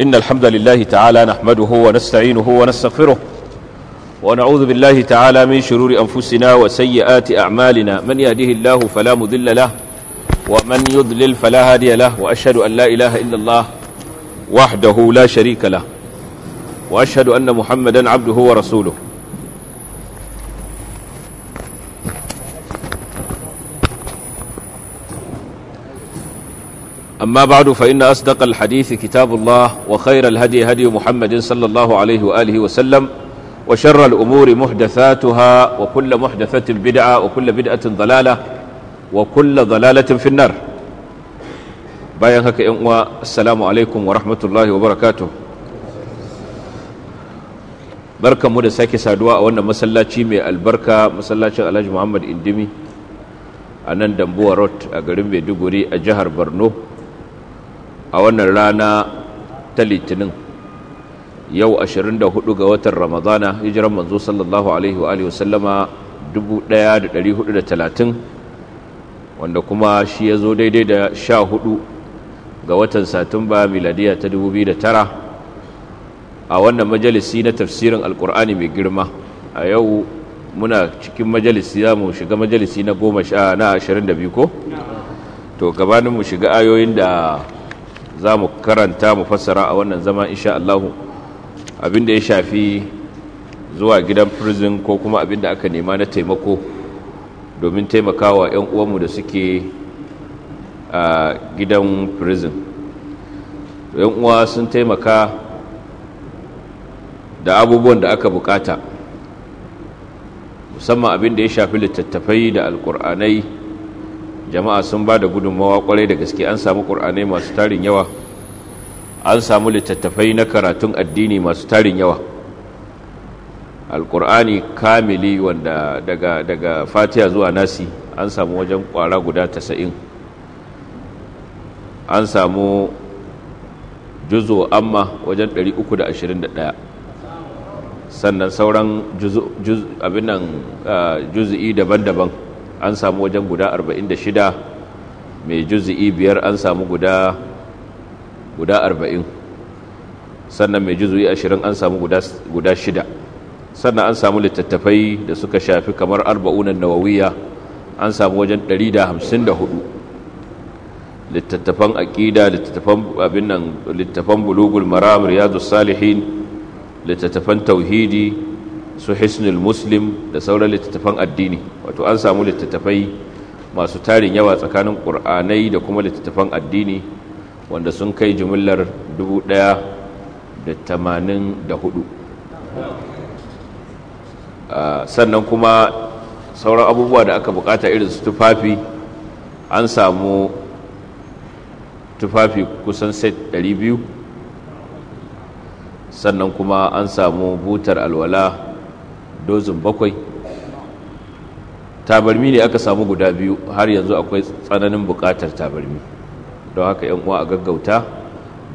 إن الحمد لله تعالى نحمده ونستعينه ونستغفره ونعوذ بالله تعالى من شرور أنفسنا وسيئات أعمالنا من يهده الله فلا مذل له ومن يضلل فلا هادي له وأشهد أن لا إله إلا الله وحده لا شريك له وأشهد أن محمدا عبده ورسوله أما بعد فإن أصدق الحديث كتاب الله وخير الهدي هدي محمد صلى الله عليه وآله وسلم وشر الأمور محدثاتها وكل محدثة بدعة وكل بدعة ضلالة وكل ضلالة في النار bayan haka ‘yan uwa assalamu alaikum wa rahmatullahi wa barakatu barkanmu da sake saduwa a wannan masallaci mai albarka masallacin alhaji muhammad indimi a nan dambuwa road a garin maiduguri a jihar borno a wannan rana ta litinin yau 24 ga watan ramadana hijiran manzo sallallahu alaihi wa sallama 1430 wanda kuma shi ya zo daidai da 14 ga watan satumba miladiya ta 2009 a wannan majalisi na tafsirin alkur'ani mai girma a yau muna cikin majalisi za mu shiga majalisi na 10 na 22 ko to gabanin mu shiga ayoyin da za mu karanta mu fassara a wannan zama insha Allah abinda ya shafi zuwa gidan prison ko kuma abinda aka nema na taimako domin taimakawa 'yan uwanmu da suke a gidan prison yan uwa sun taimaka da abubuwan da aka bukata musamman abinda ya shafi littattafai da alkur'anai jama'a sun ba da gudunmawa kwarai da gaske an samu ƙur'anai masu tarin yawa an samu littattafai na karatun addini masu tarin yawa alƙur'ani kamili wanda daga, daga zuwa nasi an samu wajen ƙwara guda tasa'in an samu juzo amma wajen 321 sannan sauran abin ah, juzu'i daban-daban an samu wajen guda 46 mai juzi'i biyar an samu guda guda 40 sannan mai juzi'i 20 an samu guda shida. sannan an samu littattafai da suka shafi kamar arba'unan nawawiya an samu wajen 154 littattafan aƙida littattafan abin nan littattafan bulugul maram riyadus salihin littattafan tauhidi su hisnul muslim da sauran littattafan addini wato an samu littattafai masu tarin yawa tsakanin ƙur'anai da kuma littattafan addini wanda sun kai jimillar 1,184 ah, sannan kuma sauran abubuwa da aka bukata irin su tufafi an samu tufafi kusan set 200 sannan kuma an samu butar alwala dozin bakwai tabarmi ne aka samu guda biyu har yanzu akwai tsananin bukatar tabarmi don haka yan uwa a gaggauta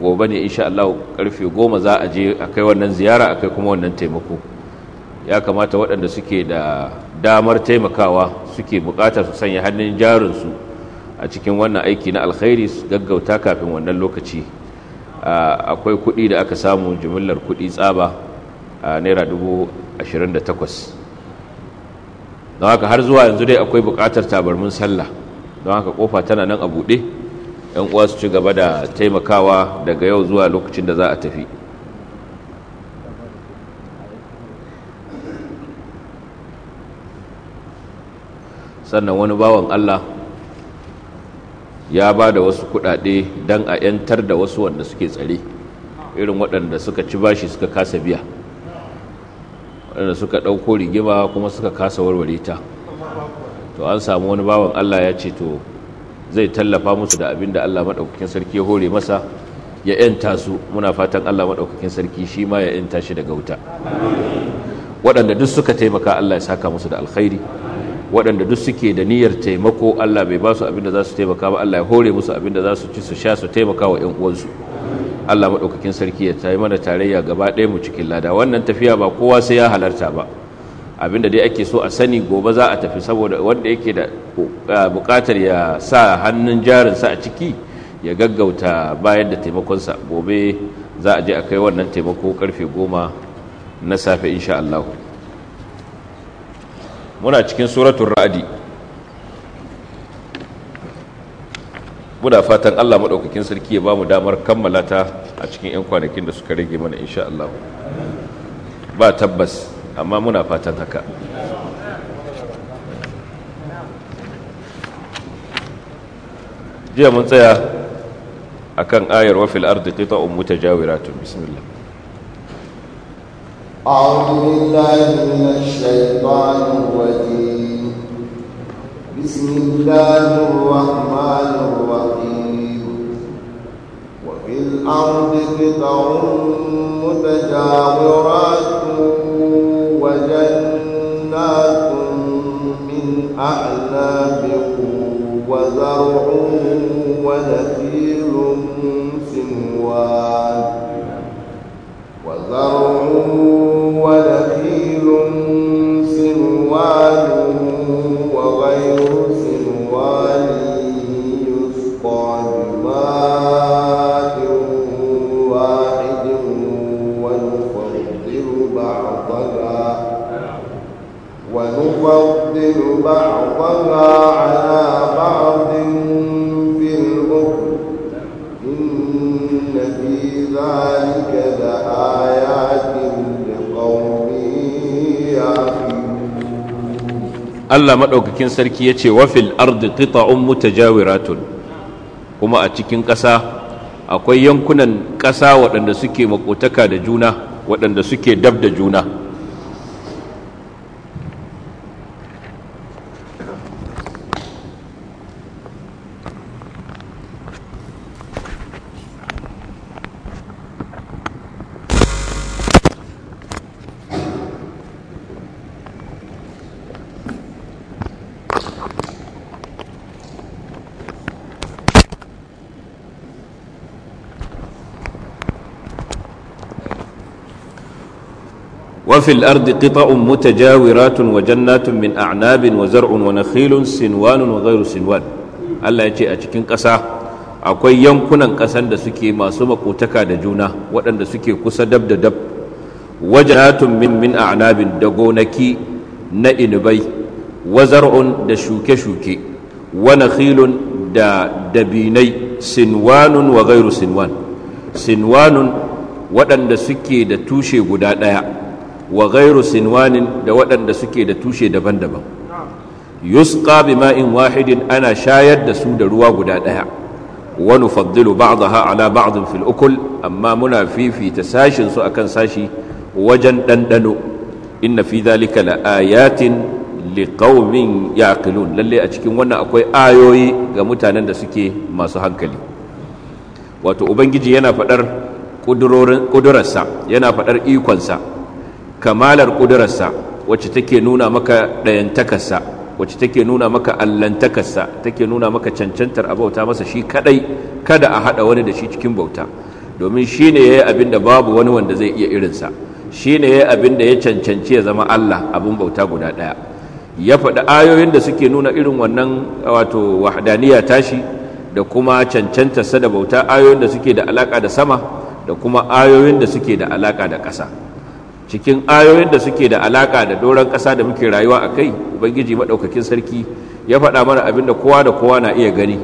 gobe ne insha Allah karfe goma za a je akai wannan ziyara akai kuma wannan taimako ya kamata waɗanda suke da damar taimakawa suke bukatar su sanya hannun su a cikin wannan aiki na alkhairi gaggauta kafin wannan lokaci akwai kuɗi da aka samu jimillar kuɗi tsaba a naira dubu 28 don haka har zuwa yanzu dai akwai buƙatar tabarmin sallah don haka kofa tana nan a buɗe yan uwa su ci gaba da taimakawa daga yau zuwa lokacin da za a tafi sannan wani bawan Allah ya ba da wasu kuɗaɗe don a 'yantar da wasu wanda suke tsare irin waɗanda suka ci bashi suka kasa biya wanda suka ɗauko rigima kuma suka kasa warware ta to an samu wani bawan Allah ya ce to zai tallafa musu da abin da Allah maɗaukakin sarki ya hore masa ya ‘yanta su muna fatan Allah maɗaukakin sarki shi ma ya ‘yanta shi daga wuta waɗanda duk suka taimaka Allah ya saka musu da alkhairi waɗanda duk suke da niyyar taimako Allah bai ba su abin da za su taimaka ba Allah ya hore musu abin da za su ci su sha su taimaka wa ‘yan uwansu Allah maɗaukakin sarki ya yi mana tarayya gaba ɗaya mu cikin lada wannan tafiya ba kowa sai ya halarta ba abinda dai ake so a sani gobe za a tafi saboda wanda yake da buƙatar ya sa hannun jarinsa a ciki ya gaggauta bayan da taimakonsa gobe za a je a kai wannan taimako karfe goma na safe insha Allah muna cikin suratul ra'adi muna fatan Allah maɗaukakin sarki ya ba mu damar kammala ta a cikin 'yan kwanakin da suka rage mana insha Allah ba tabbas amma muna fatan haka jiya mun tsaya a akan ayar wafil ardi ta mutajawiratun bismillah أعوذ بالله من الشيطان الرجيم بسم الله الرحمن الرحيم وفي الأرض قطع متجاورات وجنات من أعناب وزرع ونخيل سنوان وزرع Allah maɗaukakin sarki ya ce wafil ardi qita'un mutajawiratun kuma a cikin ƙasa akwai yankunan ƙasa waɗanda suke makotaka da juna waɗanda suke dab da juna وفي الأرض قطع متجاورات وجنات من أعناب وزرع ونخيل سنوان وغير سنوان الله يجي أتكين قصا akwai yankunan ƙasan da suke masu makotaka da juna waɗanda suke kusa dab da dab wajenatun min min a'nabin da gonaki na inubai wazar'un da shuke-shuke wa nakhilun da dabinai sinwanu wa gairu sinwan waɗanda suke da tushe guda ɗaya wa ghairu sinwanin da waɗanda suke da tushe daban-daban yusqa bima'in wahidin ana shayar da su da ruwa guda ɗaya wa nufaddilu ba'daha ala ba'din fil ukul amma muna fifita sashin su akan sashi wajen ɗanɗano inna fi dhalika la ayatin liqaumin yaqilun lalle a cikin wannan akwai ayoyi ga mutanen da suke masu hankali wato ubangiji yana faɗar kudurarsa. yana faɗar ikonsa kamalar ƙudurarsa wacce take nuna maka ɗayantakarsa wacce take nuna maka allantakarsa take nuna maka cancantar abauta masa shi kadai kada a haɗa wani da shi cikin bauta domin shi ne ya yi abin da babu wani wanda zai iya irinsa shi ne ya yi abin da ya cancanci ya zama Allah abin bauta guda ɗaya ya faɗi ayoyin da suke nuna irin wannan wato wahdaniya tashi da kuma cancantarsa da bauta ayoyin da suke da alaƙa da sama da kuma ayoyin da suke da alaƙa da ƙasa cikin ayoyin da suke da alaka da doron ƙasa da muke rayuwa a kai ubangiji maɗaukakin sarki ya faɗa mana abin da kowa da kowa na iya gani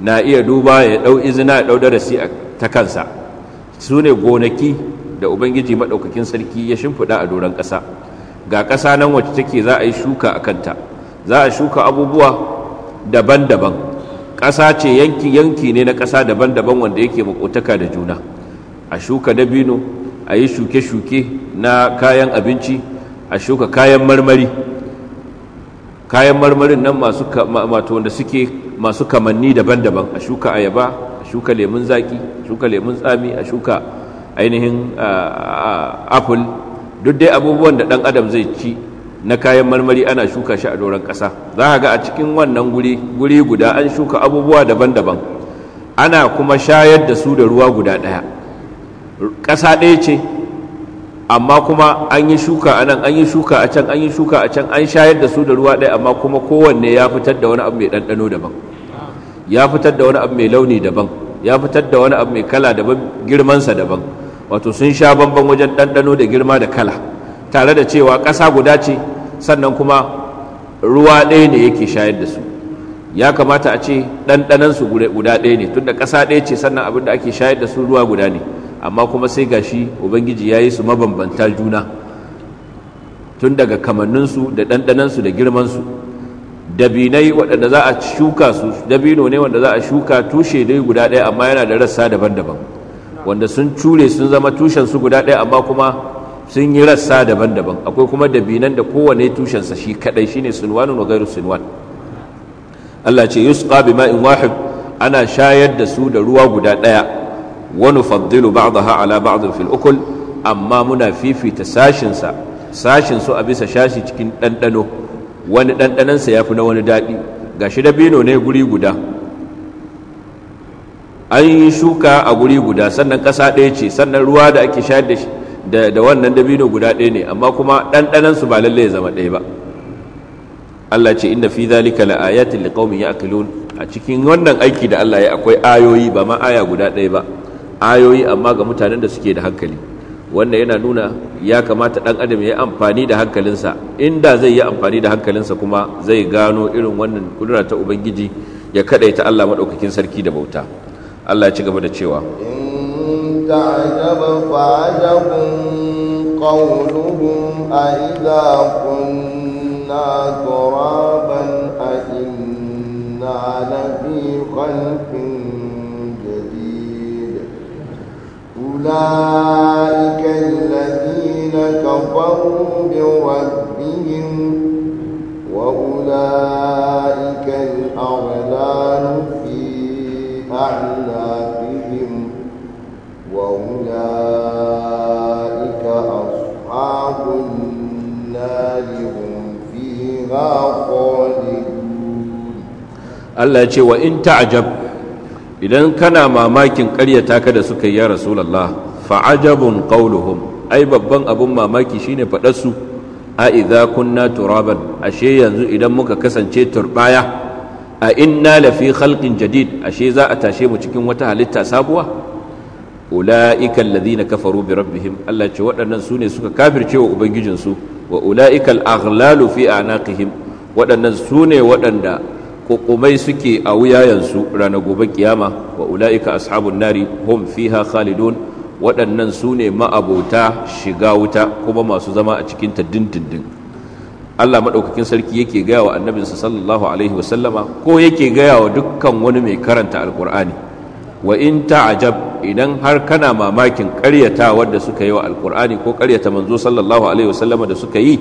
na iya duba ya ɗau izina ya ɗau darasi ta kansa su ne gonaki da ubangiji maɗaukakin sarki ya shimfiɗa a doron ƙasa ga ƙasa nan wacce take za a yi shuka a kanta za a shuka abubuwa daban-daban ƙasa ce yanki yanki ne na ƙasa daban-daban wanda yake makotaka da juna a shuka dabino a yi shuke-shuke na kayan abinci a shuka kayan marmari kayan marmarin nan masu mato wanda suke masu kamanni daban-daban a shuka ayaba a shuka lemun zaki a shuka lemun tsami a shuka ainihin apple duk dai abubuwan da ɗan adam zai ci na kayan marmari ana shuka shi a doron ƙasa za a ga a cikin wannan guri guri guda an shuka abubuwa daban-daban ana kuma shayar da su da ruwa guda ɗaya ƙasa ɗaya ce amma kuma an yi shuka a nan an yi shuka a can an yi shuka a can an shayar da su da ruwa ɗaya amma kuma kowanne ya fitar da wani abu mai ɗanɗano daban ya fitar da wani abu mai launi daban ya fitar da wani abu mai kala daban girmansa daban wato sun sha bamban wajen ɗanɗano da girma da kala tare da cewa ƙasa guda ce sannan kuma ruwa ɗaya ne yake shayar da su ya kamata a ce ɗanɗanansu guda ɗaya ne tunda ƙasa ɗaya ce sannan abin da ake shayar da su ruwa guda ne amma kuma sai gashi ubangiji ya yi su mabambanta juna tun daga kamanninsu da ɗanɗanansu da girmansu dabinai waɗanda za a shuka su dabino ne wanda za a shuka tushe dai guda ɗaya amma yana da rassa daban-daban wanda sun cure sun zama tushensu guda ɗaya amma kuma sun yi rassa daban-daban akwai kuma dabinan da kowane tushensa shi kaɗai shine sunwanu wa gairu sunwan Allah ce yusqa bima'in wahid ana shayar da su da ruwa guda ɗaya wa nufaddilu ba'daha ala ba'd fil ukul amma muna fifita sashin su a bisa shashi cikin dandano wani dandanan sa yafi na wani dadi gashi dabino ne guri guda an yi shuka a guri guda sannan kasa ɗaya ce sannan ruwa da ake sha da shi da wannan dabino guda ɗaya ne amma kuma ɗanɗanan su ba lallai ya zama ɗaya ba Allah ce inna fi zalika laayatin liqaumin ya'qilun a cikin wannan aiki da Allah ya akwai ayoyi ba ma aya guda ɗaya ba ayoyi amma ga mutanen da suke da hankali wannan yana nuna ya kamata dan adam ya yi amfani da hankalinsa inda zai yi amfani da hankalinsa kuma zai gano irin wannan kudura ta ubangiji ya kadaita allah maɗaukakin sarki da bauta allah ya ci gaba da cewa in a idza kunna turaban a inna lafi خلق أولئك الذين كفروا بربهم وأولئك الأغلال في أعناقهم وأولئك أصحاب النار هم فيها خالدون الله وإن تعجب idan kana mamakin ƙaryata ka da suka yi ya rasulallah fa'ajabun qauluhum ai babban abun mamaki shine faɗar su a idza kunna turaban ashe yanzu idan muka kasance turbaya a inna lafi khalqin jadid ashe za a tashe mu cikin wata halitta sabuwa ula'ikal ladina kafaru bi rabbihim Allah ce waɗannan su suka kafirce wa ubangijinsu wa ula'ikal aghlalu fi anaqihim waɗannan sune waɗanda ƙuƙumai suke a wuya wuyayensu ranar gobe kiyama wa ula'ika ashabun nari hum fiha khalidun waɗannan su ne ma'abota shiga wuta kuma masu zama a cikin ta dindindin Allah maɗaukakin sarki yake gaya wa annabinsa sallallahu alaihi wa sallama, ko yake gaya wa dukkan wani mai karanta alkur'ani wa in ta'ajab idan har kana mamakin ƙaryata wadda suka yi wa alkur'ani ko ƙaryata manzo sallallahu alaihi wa sallama da suka yi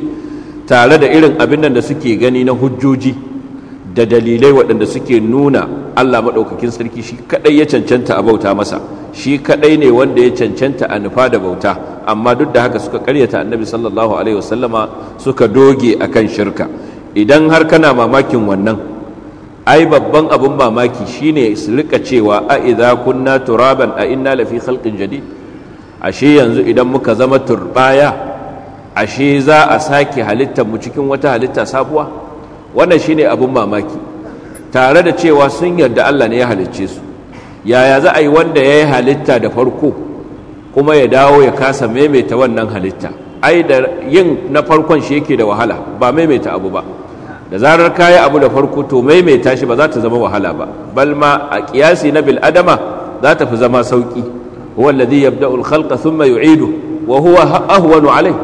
tare da irin abin nan da suke gani na hujjoji da dalilai waɗanda suke nuna Allah maɗaukakin sarki shi kaɗai ya cancanta a bauta masa shi kaɗai ne wanda ya cancanta a nufa da bauta amma duk da haka suka karyata annabi sallallahu alaihi wasallama suka doge akan shirka idan har kana mamakin wannan ai babban abin mamaki shine su rika cewa a idza kunna turaban a inna lafi khalqin jadid ashe yanzu idan muka zama turbaya ashe za a sake halittar mu cikin wata halitta sabuwa wannan shine abin mamaki tare da cewa sun yarda Allah ne ya halicce su yaya za a yi wanda ya yi halitta da farko kuma ya dawo ya kasa maimaita wannan halitta ai da yin na farkon shi yake da wahala ba maimaita abu ba da zarar yi abu da farko to maimaita shi ba za ta zama wahala ba bal ma a kiyasi na bil adama za ta fi zama sauki huwa alladhi yabda'u al khalqa thumma yu'idu wa huwa ahwanu alayh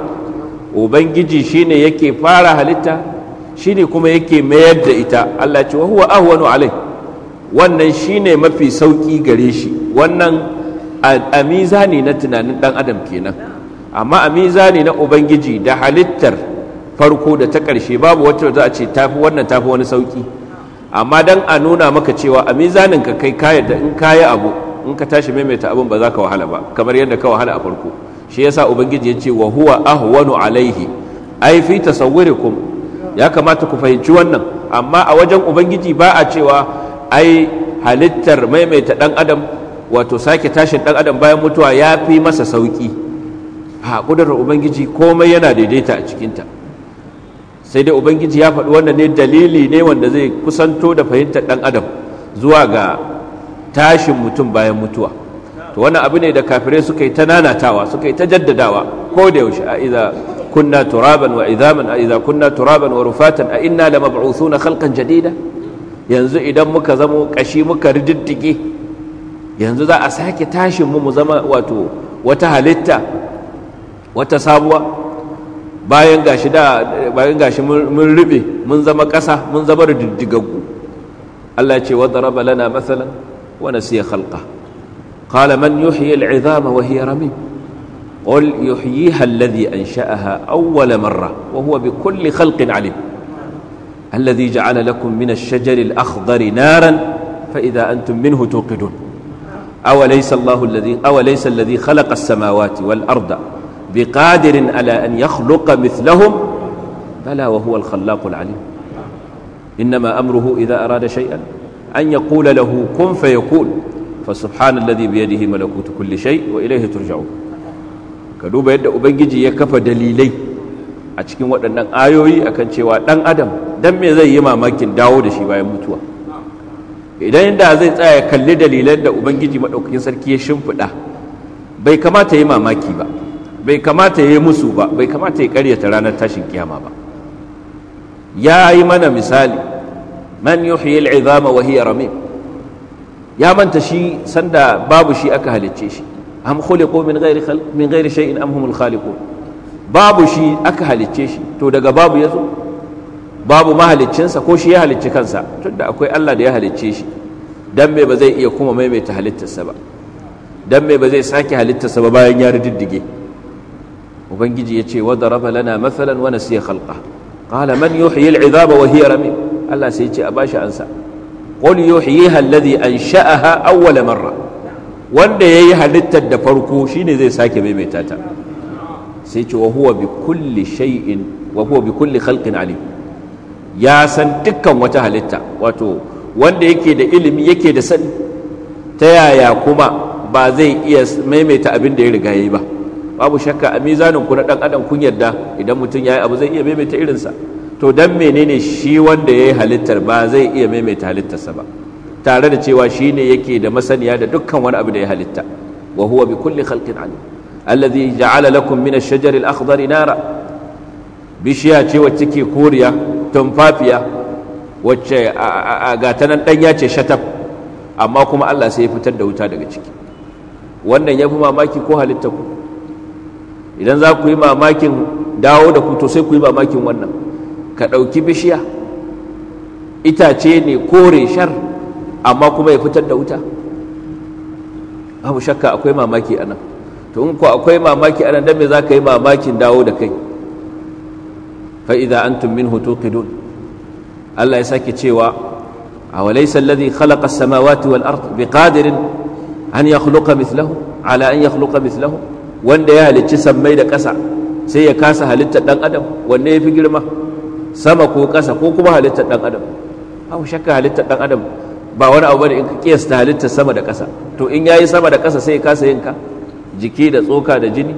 ubangiji shine yake fara halitta ne kuma yake mayar da ita Allah ce wa huwa ahwanu alai wannan shine mafi sauki gare shi wannan a mizani na tunanin ɗan adam kenan amma a mizani na ubangiji da halittar farko da ta ƙarshe babu wata za a ce tafi wannan tafi wani sauki amma dan a nuna maka cewa a mizanin ka kai kaya da in kaya abu in ka tashi maimaita abin ba za ka wahala ba kamar yadda ka wahala a farko shi yasa ubangiji ya ce wa huwa ahwanu alaihi ai fi tasawwurikum ya kamata ku fahimci wannan amma a wajen ubangiji ba a cewa ai halittar maimaita ɗan adam wato sake tashin ɗan adam bayan mutuwa ya fi masa sauki ha kudurar ubangiji komai yana daidaita a cikinta sai dai ubangiji ya faɗi wannan ne dalili ne wanda zai kusanto da fahimtar ɗan adam zuwa ga tashin mutum bayan mutuwa to wannan abu ne da kafirai suka yi ta nanatawa suka yi ta jaddadawa ko da yaushe a iza kunna turaban wa idhaman a idza kunna turaban wa rufatan a inna lamab'uthuna khalqan jadida yanzu idan muka zamo kashi muka rididdige yanzu za a sake tashin mu zama wato wata halitta wata sabuwa bayan gashi da bayan gashi mun rube mun zama ƙasa mun zama rididdigaggu Allah ce wadda raba lana masalan wa nasiya khalqa qala man yuhyi izama wa hiya ramim قل يحييها الذي أنشأها أول مرة وهو بكل خلق عليم الذي جعل لكم من الشجر الأخضر نارا فإذا أنتم منه توقدون أوليس الله الذي أوليس الذي خلق السماوات والأرض بقادر على أن يخلق مثلهم بلى وهو الخلاق العليم إنما أمره إذا أراد شيئا أن يقول له كن فيكون فسبحان الذي بيده ملكوت كل شيء وإليه ترجعون ka duba yadda ubangiji ya kafa dalilai a cikin waɗannan ayoyi akan cewa ɗan adam dan me zai yi mamakin dawo da shi bayan mutuwa idan da zai tsaya kalli dalilai da ubangiji maɗaukakin sarki ya shimfiɗa bai kamata ya yi mamaki ba bai kamata ya yi musu ba bai kamata ya karyata ranar tashin kiyama ba ya yi mana misali man yuhyi al'izama wa hiya ramim ya manta shi sanda babu shi aka halicce shi am khuliqu min ghairi khalq min ghairi shay'in am humul khaliqun babu shi aka halicce shi to daga babu yazo babu sa ko shi ya halicci kansa tunda akwai Allah da ya halicce shi dan me ba zai iya kuma maimaita halittarsa ba dan me ba zai sake halittarsa ba bayan ya riddige ubangiji ya ce wa raba lana matsalan wani siya khalqa qala man yuhyi al'idaba wa hiya ramim Allah sai ya ce a bashi ansa qul yuhyiha alladhi ansha'aha awwala marra wanda ya yi halittar da farko shi ne zai sake maimaita ta sai ce wa huwa bi kulli shay'in wa huwa bi kulli khalqin alim ya san dukkan wata halitta wato wanda yake da ilimi yake da sani ta yaya kuma ba zai iya maimaita abin da ya riga yayi ba babu shakka a mizanin ku na dan adam kun yarda idan mutum yayi abu zai iya maimaita irinsa to dan menene shi wanda yayi halittar ba zai iya maimaita halittarsa ba tare da cewa shi ne yake da masaniya da dukkan wani abu da ya halitta wa huwa bi kulli khalqin alim alladhi ja'ala lakum min ash-shajari al nara bishiya ce wacce ke koriya tumfafiya wacce ga ta nan danya ce shatab amma kuma Allah sai ya fitar da wuta daga ciki wannan ya fi mamaki ko halitta ku idan za ku yi mamakin dawo da ku to sai ku yi mamakin wannan ka ɗauki bishiya itace ne kore shar amma kuma ya fitar da wuta abu shakka akwai mamaki anan to in ko akwai mamaki anan dan me za ka yi mamakin dawo da kai fa idza antum minhu tuqidun Allah ya sake cewa awalaysa alladhi khalaqa as-samawati wal ard biqadirin an yakhluqa mithlahu ala an yakhluqa mithlahu wanda ya halicci sammai da ƙasa sai ya kasa halittar dan adam wanne ya fi girma sama ko ƙasa ko kuma halittar dan adam abu shakka halittar dan adam ba wani abu bane in ka kiyasta halitta sama da ƙasa to in yayi sama da ƙasa sai kasa yinka, jiki da tsoka da jini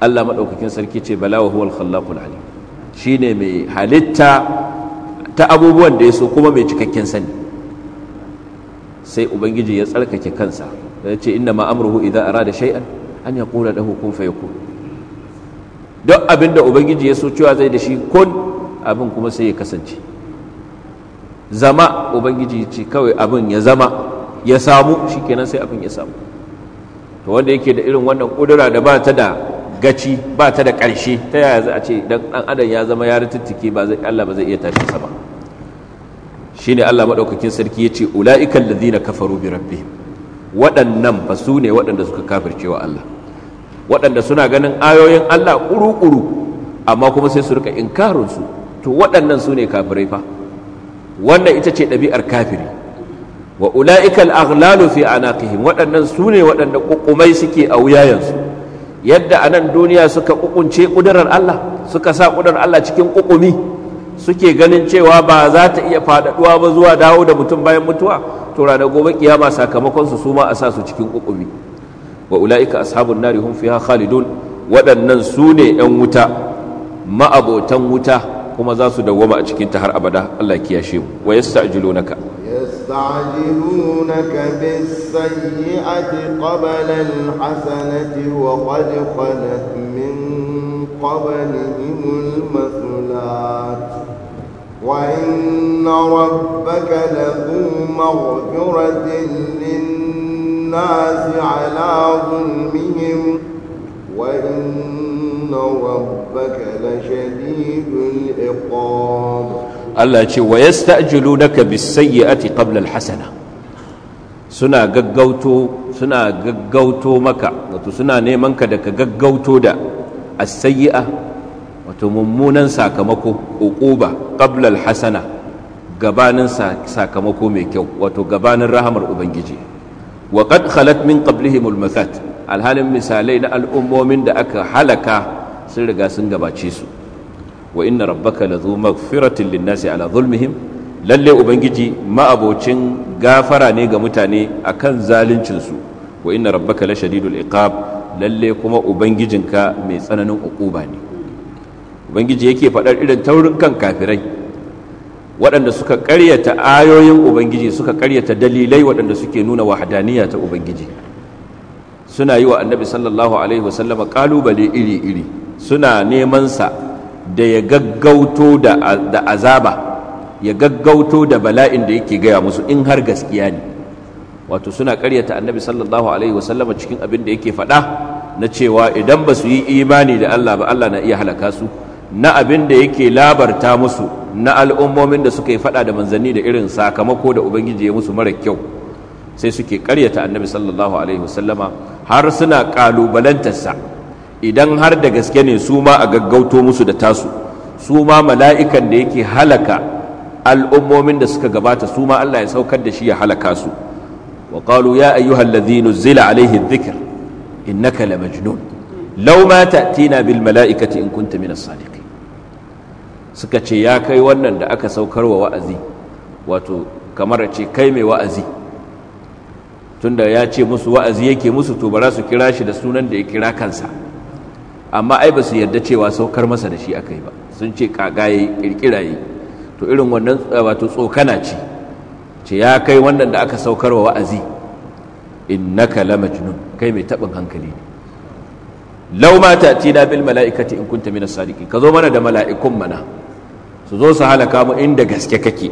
Allah maɗaukakin sarki ce bala wa huwal khallaqul alim shine mai halitta ta abubuwan da ya so kuma mai cikakken sani sai ubangiji ya tsarkake kansa ya ce inna ma amruhu idza arada shay'an an yaqula lahu kun fayakun duk abinda ubangiji ya so cewa zai da shi kun abin kuma sai ya kasance zama ubangiji ce kawai abin ya zama ya samu shikenan sai abin ya samu to wanda yake da irin wannan kudura da ba ta da gaci ba ta da karshe ta yaya za a ce dan dan adam ya zama ya rututtuke ba zai Allah ba zai iya tashi sama shine Allah madaukakin sarki yace ulaiikal ladina kafaru bi rabbi waɗannan ba su ne waɗanda suka kafirce wa Allah waɗanda suna ganin ayoyin Allah kuru kuru amma kuma sai su rika su to waɗannan su ne kafirai fa wannan ita ce ɗabi'ar kafiri wa ula'ikal aghlalu fi anaqihim waɗannan su ne waɗanda ƙuƙumai suke a wuyayensu yadda a nan duniya suka ƙuƙunce ƙudurar Allah suka sa ƙudurar Allah cikin ƙuƙumi suke ganin cewa ba za ta iya faɗaɗuwa ba zuwa dawo da mutum bayan mutuwa to ranar gobe kiyama sakamakon su ma a sa su cikin ƙuƙumi wa ula'ika ashabun nari hum fiha khalidun waɗannan su ne 'yan wuta ma'abotan wuta kuma za su dawwama a cikin ta har abada Allah ya kiyashe mu wa yasta'jilunaka yasta'jilunaka bis-sayyi'ati qabla al-hasanati wa qad khalat min qablihim al-mathulat وإن ربك لذو مغفرة للناس على Wa وإن ربك ربك لشديد العقاب Allah ce wa yasta'jilunaka bis-sayyi'ati qabla al-hasana suna gaggauto suna gaggauto maka wato suna neman ka da ka gaggauto da as-sayyi'a wato mummunan sakamako uquba qabla al-hasana gabanin sakamako mai kyau wato gabanin rahamar ubangiji wa qad khalat min qablihim al-mathat alhalin misalai na al'ummomin da aka halaka sun riga sun gabace su wa inna rabbaka lazu maghfiratin linnasi ala zulmihim lalle ubangiji ma'abocin gafara ne ga mutane akan zaluncin su wa inna rabbaka la shadidul iqab lalle kuma ubangijinka mai tsananin ukuba ne ubangiji yake faɗar irin taurin kan kafirai waɗanda suka ƙaryata ayoyin ubangiji suka ƙaryata dalilai waɗanda suke nuna wahadaniya ta ubangiji suna yi wa annabi sallallahu alaihi wasallama ƙalubale iri-iri suna nemansa da ya gaggauto da azaba ya gaggauto da bala'in da yake gaya musu in har gaskiya ne wato suna karyata annabi sallallahu alaihi wasallam cikin abin da yake faɗa na cewa idan ba su yi imani da Allah ba Allah na iya halaka su na abin da yake labarta musu na al'ummomin da suka yi faɗa da manzanni da irin sakamako da ubangiji ya musu mara kyau sai suke karyata annabi sallallahu alaihi wasallama har suna ƙalubalantarsa idan har da gaske ne su ma a gaggauto musu da tasu su ma mala'ikan da yake halaka al'ummomin da suka gabata su ma Allah ya saukar da shi ya halaka su wa qalu ya ayyuhal ladhi nuzila alayhi dhikr innaka la majnun law ma ta'tina bil mala'ikati in kunta min as-sadiqin suka ce ya kai wannan da aka saukar wa wa'azi wato kamar ce kai mai wa'azi tunda ya ce musu wa'azi yake musu to ba za su kira shi da sunan da ya kira kansa amma ai ba su yarda cewa saukar masa da shi aka yi ba sun ce kagaye yi to irin wannan eh, wato tsokana ce ce ya kai wannan da aka saukar wa wa'azi innaka la majnun kai mai tabin hankali ne law ma ta'tina bil mala'ikati in kunta minas sadiqin ka zo mana da mala'ikun mana su zo su halaka mu inda gaske kake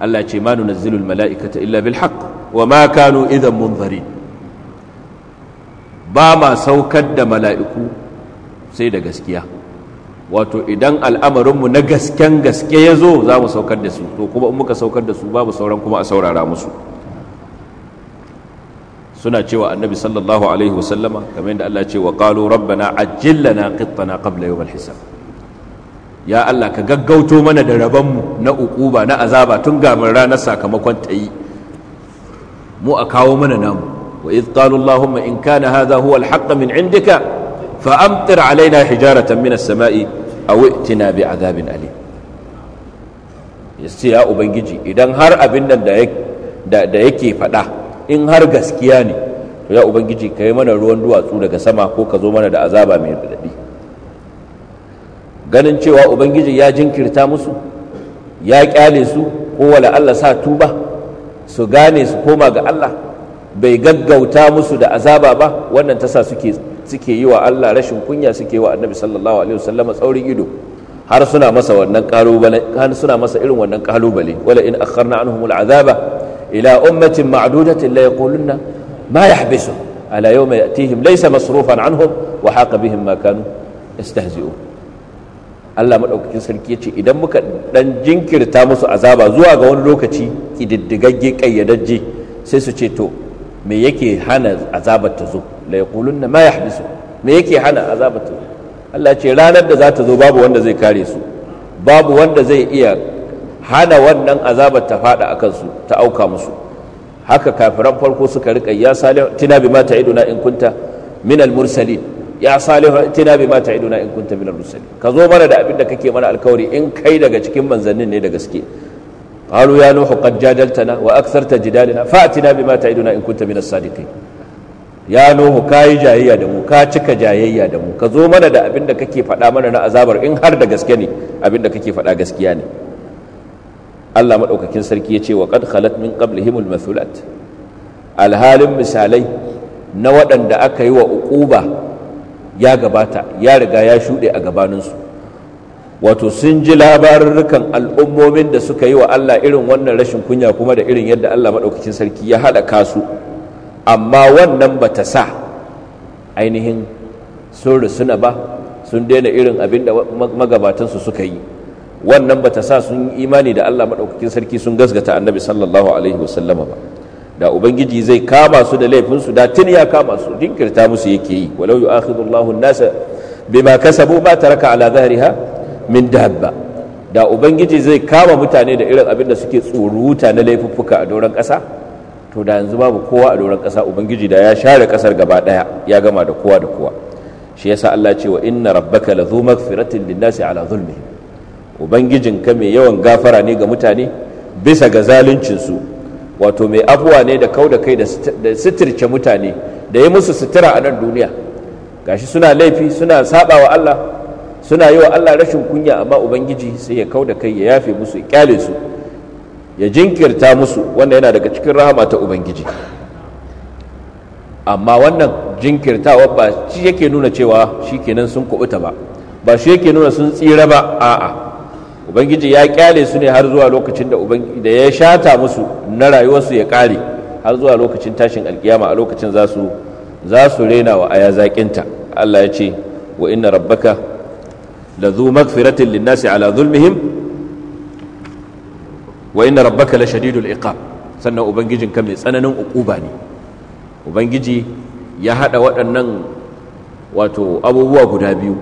Allah ce ma nunazzilu mala'ikata illa bil haqq wa ma kanu idan munzarin ba ma saukar da mala'iku sai da gaskiya wato idan al'amarinmu na gasken gaske ya zo za mu saukar da su to kuma in muka saukar da su babu sauran kuma a saurara musu suna cewa annabi sallallahu alaihi wasallama kamar yadda Allah ce wa qalu rabbana ajjil lana qittana qabla yawm al-hisab ya Allah ka gaggauto mana da rabanmu na ukuba na azaba tun gamin ranar sakamakon tayi mu a kawo mana namu وإذ قالوا اللهم إن كان هذا هو الحق من عندك فأمطر علينا حجارة من السماء أو ائتنا بعذاب أليم يسي يا أبنجي إذا هر أبنا da yake faɗa in har gaskiya ne to ya ubangiji ka yi mana ruwan duwatsu daga sama ko ka zo mana da azaba mai daɗi ganin cewa ubangiji ya jinkirta musu ya ƙyale su ko wala Allah sa tuba su gane su koma ga Allah bai gaggauta musu da azaba ba wannan tasa suke suke yi wa Allah rashin kunya suke wa Annabi sallallahu alaihi wasallama tsaurin ido har suna masa wannan kalubale har suna masa irin wannan kalubale wala in akharna anhum al'azaba ila ummatin ma'dudatin la yaquluna ma yahbisu ala yawma yatihim laysa masrufan anhum wa haqa bihim ma kanu Allah maɗaukakin sarki ya ce idan muka ɗan jinkirta musu azaba zuwa ga wani lokaci ƙididdigagge ƙayyadajje sai su ce to me yake hana azabar ta zo la yaqulunna ma yahbisu me yake hana azabar ta zo Allah ce ranar da za ta zo babu wanda zai kare su babu wanda zai iya hana wannan azabar ta fada akan su ta auka musu haka kafiran farko suka rika ya salihu tina bima ta'iduna in kunta min al-mursalin ya salihu tina bima ta'iduna in kunta min al-mursalin ka zo mana da abin da kake mana alkawari in kai daga cikin manzannin ne da gaske قالوا يا نوح قد جادلتنا واكثرت جدالنا فاتنا بما تعدنا ان كنت من الصادقين يا نوح كاي جاييya da mu ka cika jayayya da mu ka zo mana da abin da kake faɗa mana na azabar in har da gaske ne abin da kake faɗa gaskiya ne Allah madaukakin sarki ya ce wa qad khalat min qablihim almathulat alhalin misalai na waɗanda aka yi wa uquba ya gabata ya riga ya shuɗe a gabaninsu wato sun ji labarurrukan al'ummomin da suka yi wa Allah irin wannan rashin kunya kuma da irin yadda Allah maɗaukacin sarki ya haɗa su amma wannan ba ta sa ainihin sun ba sun daina irin abin da magabatansu suka yi wannan ba ta sa sun yi imani da Allah maɗaukakin sarki sun gasgata annabi sallallahu alaihi wasallama ba da ubangiji zai kama su da laifinsu da tun ya kama su jinkirta musu yake yi walau yu'akhidullahu an-nasa bima kasabu ma taraka ala dhahriha min dabba da ubangiji zai kama mutane da irin abin da suke wuta na laifuffuka a doron ƙasa to da yanzu babu kowa a doron ƙasa ubangiji da ya share ƙasar gaba ɗaya ya gama da kowa da kowa shi yasa Allah ce wa inna rabbaka la zu maghfiratin linnasi ala ubangijin ka mai yawan gafara ne ga mutane bisa ga zaluncin su wato mai afuwa ne da kauda kai da sitirce mutane da ya musu sutura a nan duniya gashi suna laifi suna saba wa Allah suna yi wa Allah rashin kunya amma ubangiji sai ya kauda kai ya yafe musu ya kyale su ya jinkirta musu wanda yana daga cikin rahama ta ubangiji amma wannan jinkirtawa ba shi yake nuna cewa shi kenan sun kubuta ba ba shi yake nuna sun tsira ba a'a ubangiji ya kyale su ne har zuwa lokacin da da ya shata musu na rayuwarsu ya kare har zuwa lokacin tashin alkiyama a lokacin za su za su rena wa aya zakinta Allah ya ce wa inna rabbaka lazu magfiratin linnasi ala zulmihim wa inna rabbaka la shadidul iqab sannan ubangijin ka mai tsananin ukuba ne ubangiji ya haɗa waɗannan wato abubuwa guda biyu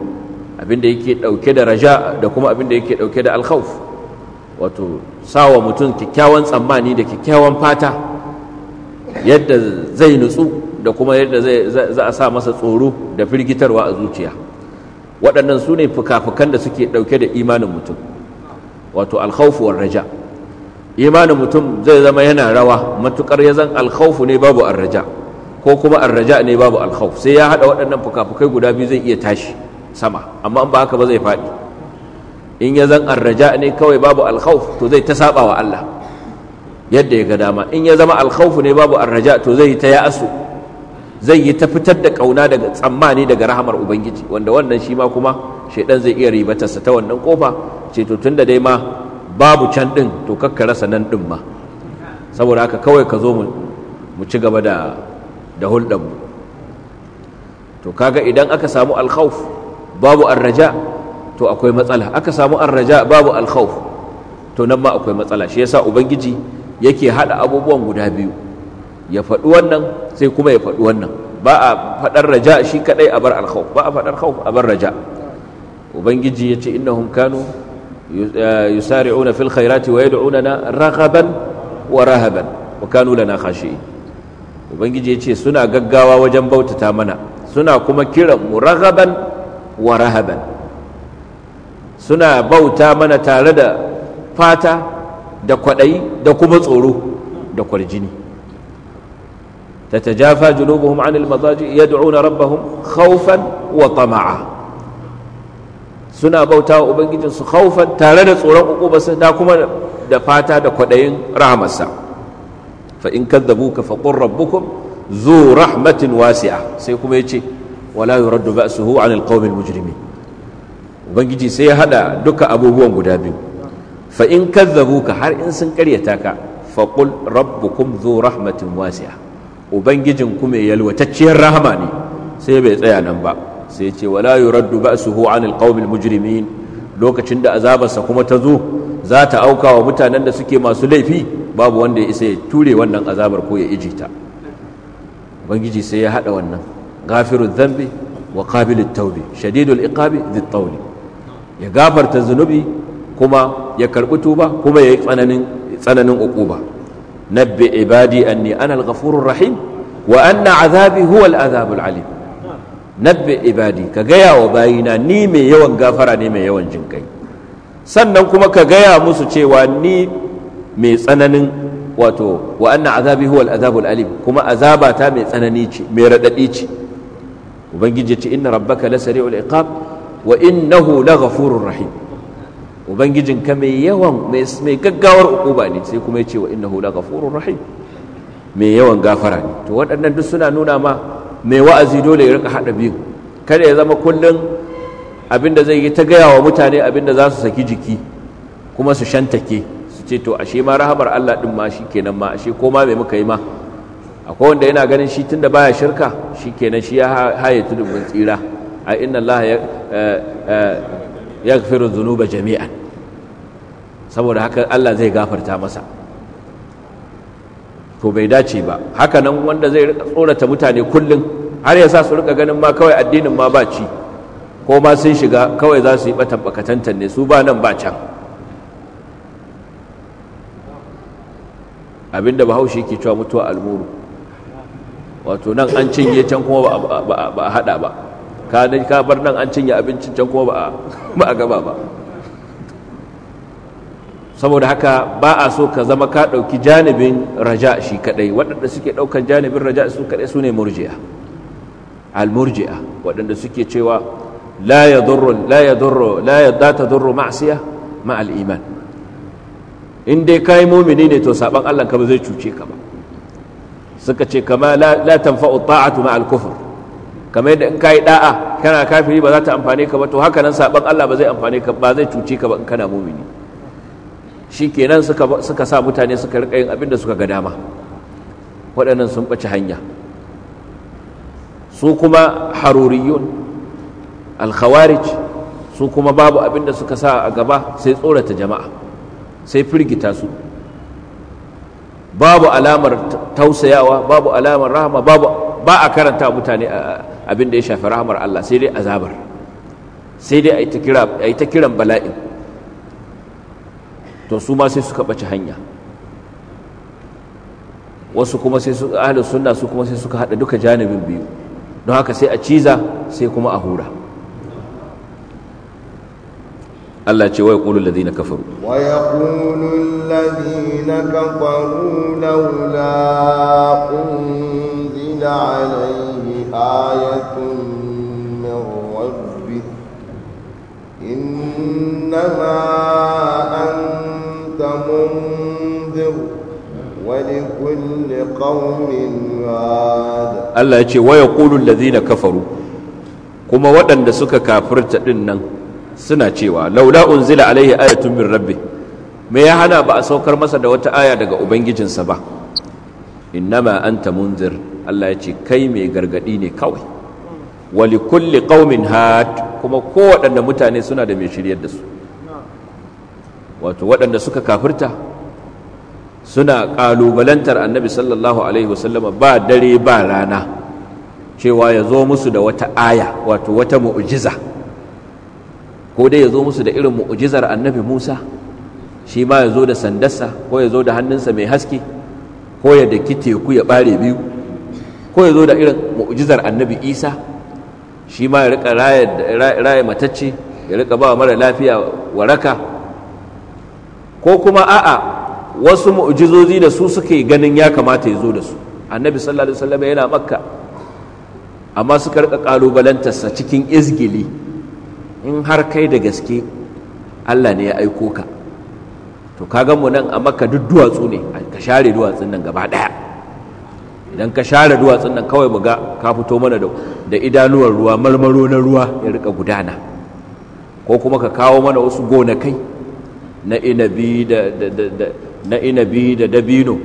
abinda yake dauke da raja da kuma abinda yake dauke da alkhawf wato sawa mutum kyakkyawan tsammani da kyakkyawan fata yadda zai nutsu da kuma yadda za a sa masa tsoro da firgitarwa a zuciya waɗannan su ne fuka-fukan da suke ɗauke da imanin mutum wato alkhawfu war raja imanin mutum zai zama yana rawa matukar ya zan alkhaufu ne babu arraja ko kuma arraja ne babu alkhawf sai ya haɗa waɗannan fuka-fukai guda biyu zai iya tashi sama amma in ba haka ba zai faɗi in ya zan arraja ne kawai babu alkhawf to zai ta saba wa Allah yadda ya ga dama in ya zama alkhawfu ne babu arraja to zai ta ya'asu zai yi ta fitar da kauna daga tsammani daga rahamar ubangiji wanda wannan shi ma kuma shaidan zai iya ribatarsa ta wannan kofa ce to tunda dai ma babu can din to kakka rasa nan din ma saboda haka kawai ka zo mu ci gaba da da hulɗar to kaga idan aka samu alkhawf babu arraja to akwai matsala aka samu arraja babu alkhawf to nan ma akwai matsala shi yasa ubangiji yake hada abubuwan guda biyu ya faɗi wannan sai kuma ya faɗi wannan ba a faɗar raja shi kaɗai a bar alkhawf ba a faɗar khawf a bar raja ubangiji ya ce innahum kanu eh, yusari'una fil khairati wa yad'unana raghaban wa rahaban wa kanu lana khashi'in ubangiji ya ce suna gaggawa wajen bautata mana suna kuma kiran mu raghaban wa rahaban suna bauta mana tare da fata da kwaɗayi da kuma tsoro da kwarjini تتجافى جنوبهم عن المضاجع يدعون ربهم خوفا وطمعا suna bauta wa ubangijinsu khaufan tare da tsoron ukubarsa da kuma da fata da kwadayin rahamarsa fa in kadzabuka fa qur rabbukum zu rahmatin wasi'a sai kuma yace wala yuraddu ba'suhu 'ala alqawmi almujrimin ubangiji sai ya hada duka abubuwan guda biyu fa in kadzabuka har in sun karyata ka fa qul rabbukum zu rahmatin wasi'a ubangijin ku mai yalwatacciyar rahama ne sai bai tsaya nan ba sai ce wala yuraddu ba'suhu 'anil qaumil mujrimin lokacin da azabarsa kuma ta zo za ta auka wa mutanen da suke masu laifi babu wanda ya isa ya ture wannan azabar ko ya ije ta ubangiji sai ya hada wannan gafiru dhanbi wa qabilu tawbi shadidul iqabi dhit tawli ya gafarta zunubi kuma ya karbi tuba kuma ya yi tsananin tsananin uquba nabbi ibadi anni ana al-ghafurur rahim wa anna azabi huwa al-azabul alim ibadi ka gaya wa bayina ni mai yawan gafara ne mai yawan jinkai sannan kuma ka gaya musu cewa ni mai tsananin wato wa anna azabi huwa al-azabul kuma azabata ta mai tsanani ce radadi ce ubangiji ce inna rabbaka lasari'ul iqab wa innahu laghafurur rahim ubangijin ka mai yawan mai gaggawar ukuba ne sai kuma ya ce wa innahu la ghafurur rahim mai yawan gafara ne to waɗannan duk suna nuna ma mai wa'azi dole ya rika haɗa biyu kada ya zama abin da zai yi ta gaya wa mutane abin da za su saki jiki kuma su shantake su ce to ashe ma rahamar Allah din ma shi kenan ma ashe ko ma mai muka yi ma akwai wanda yana ganin shi tunda baya shirka shikenan shi ya haye tudun mun tsira a inna Allah eh, eh, yaghfiru zunuba jami'an saboda haka Allah zai gafarta masa to bai dace ba haka nan wanda zai tsorata mutane kullum har yasa su rika ganin ma kawai addinin ma ba ci ko ma sun shiga kawai za su yi batan bakatantan ne su ba nan ba can abinda bahaushe ke cewa mutuwa almuru wato nan an cinye can kuma ba a hada ba ka dai ka bar nan an cinye abincin can kuma ba ba a gaba ba saboda haka ba a so ka zama ka ɗauki janibin raja shi kadai waɗanda suke ɗaukan janibin raja su kadai su ne murji'a al-murji'a waɗanda suke cewa la yadurru la yadurru la yadurru ma'siya ma al-iman in dai ka yi mu'mini ne to saban Allah ka ba zai cuce ka ba suka ce kama la tanfa'u ta'atu ma al-kufr kamar yadda in ka yi da'a kana kafiri ba za ta amfane ka ba to haka nan saban Allah ba zai amfane ka ba zai cuce ka ba in kana mumini shi kenan suka suka sa mutane suka rika yin abin da suka ga dama waɗannan sun ɓace hanya su kuma haruriyun alkhawarij su kuma babu abin da suka sa a gaba sai tsorata jama'a sai firgita su babu alamar tausayawa babu alamar rahama babu ba a karanta mutane abin da ya shafi rahamar Allah sai dai azabar sai dai a yi ta kiran bala'in to su ma sai suka ɓace hanya wasu kuma sai su ahlus sunna su kuma sai suka haɗa duka janibin biyu don haka sai a ciza sai kuma a hura Allah ce wa yaqulu alladhina kafaru wa yaqulu alladhina kafaru laula unzila alayhi آية من ربك إنما أنت منذر ولكل قوم هاد الله يجي ويقول الذين كفروا كما ودن سكا كافرت إنن سنة cewa laula unzila alaihi ayatun min rabbih me ya hana ba a saukar masa da wata aya daga ubangijinsa ba innama anta munzir Allah ya ce kai mai gargadi ne kawai wali kulli qaumin had kuma kowaɗanda mutane suna da mai shiryar da su wato waɗanda suka kafirta suna ƙalubalantar annabi sallallahu alaihi wasallama ba dare ba rana cewa ya zo musu da wata aya wato wata mu'jiza ko dai ya zo musu da irin mu'jizar annabi musa shi ma ya zo da sandarsa ko ya zo da hannunsa mai haske ko ya daki teku ya ɓare biyu ko ya zo da irin mu'ujizar annabi isa shi ma ya rika raye matacce ya rika ba mara lafiya waraka ko kuma a'a wasu mu'jizozi da su suke ganin ya kamata ya zo da su annabi sallallahu alaihi wasallam yana makka amma suka rika kalubalantarsa cikin izgili in har kai da gaske allah ne ya aiko ka to ka gan mu nan a makka duk duwatsu ne ka share duwatsun nan gaba daya idan ka share duwatsun nan kawai mu ga ka fito mana da idanuwar ruwa marmaro na ruwa ya rika gudana ko kuma ka kawo mana wasu gonakai na inabi da da dabino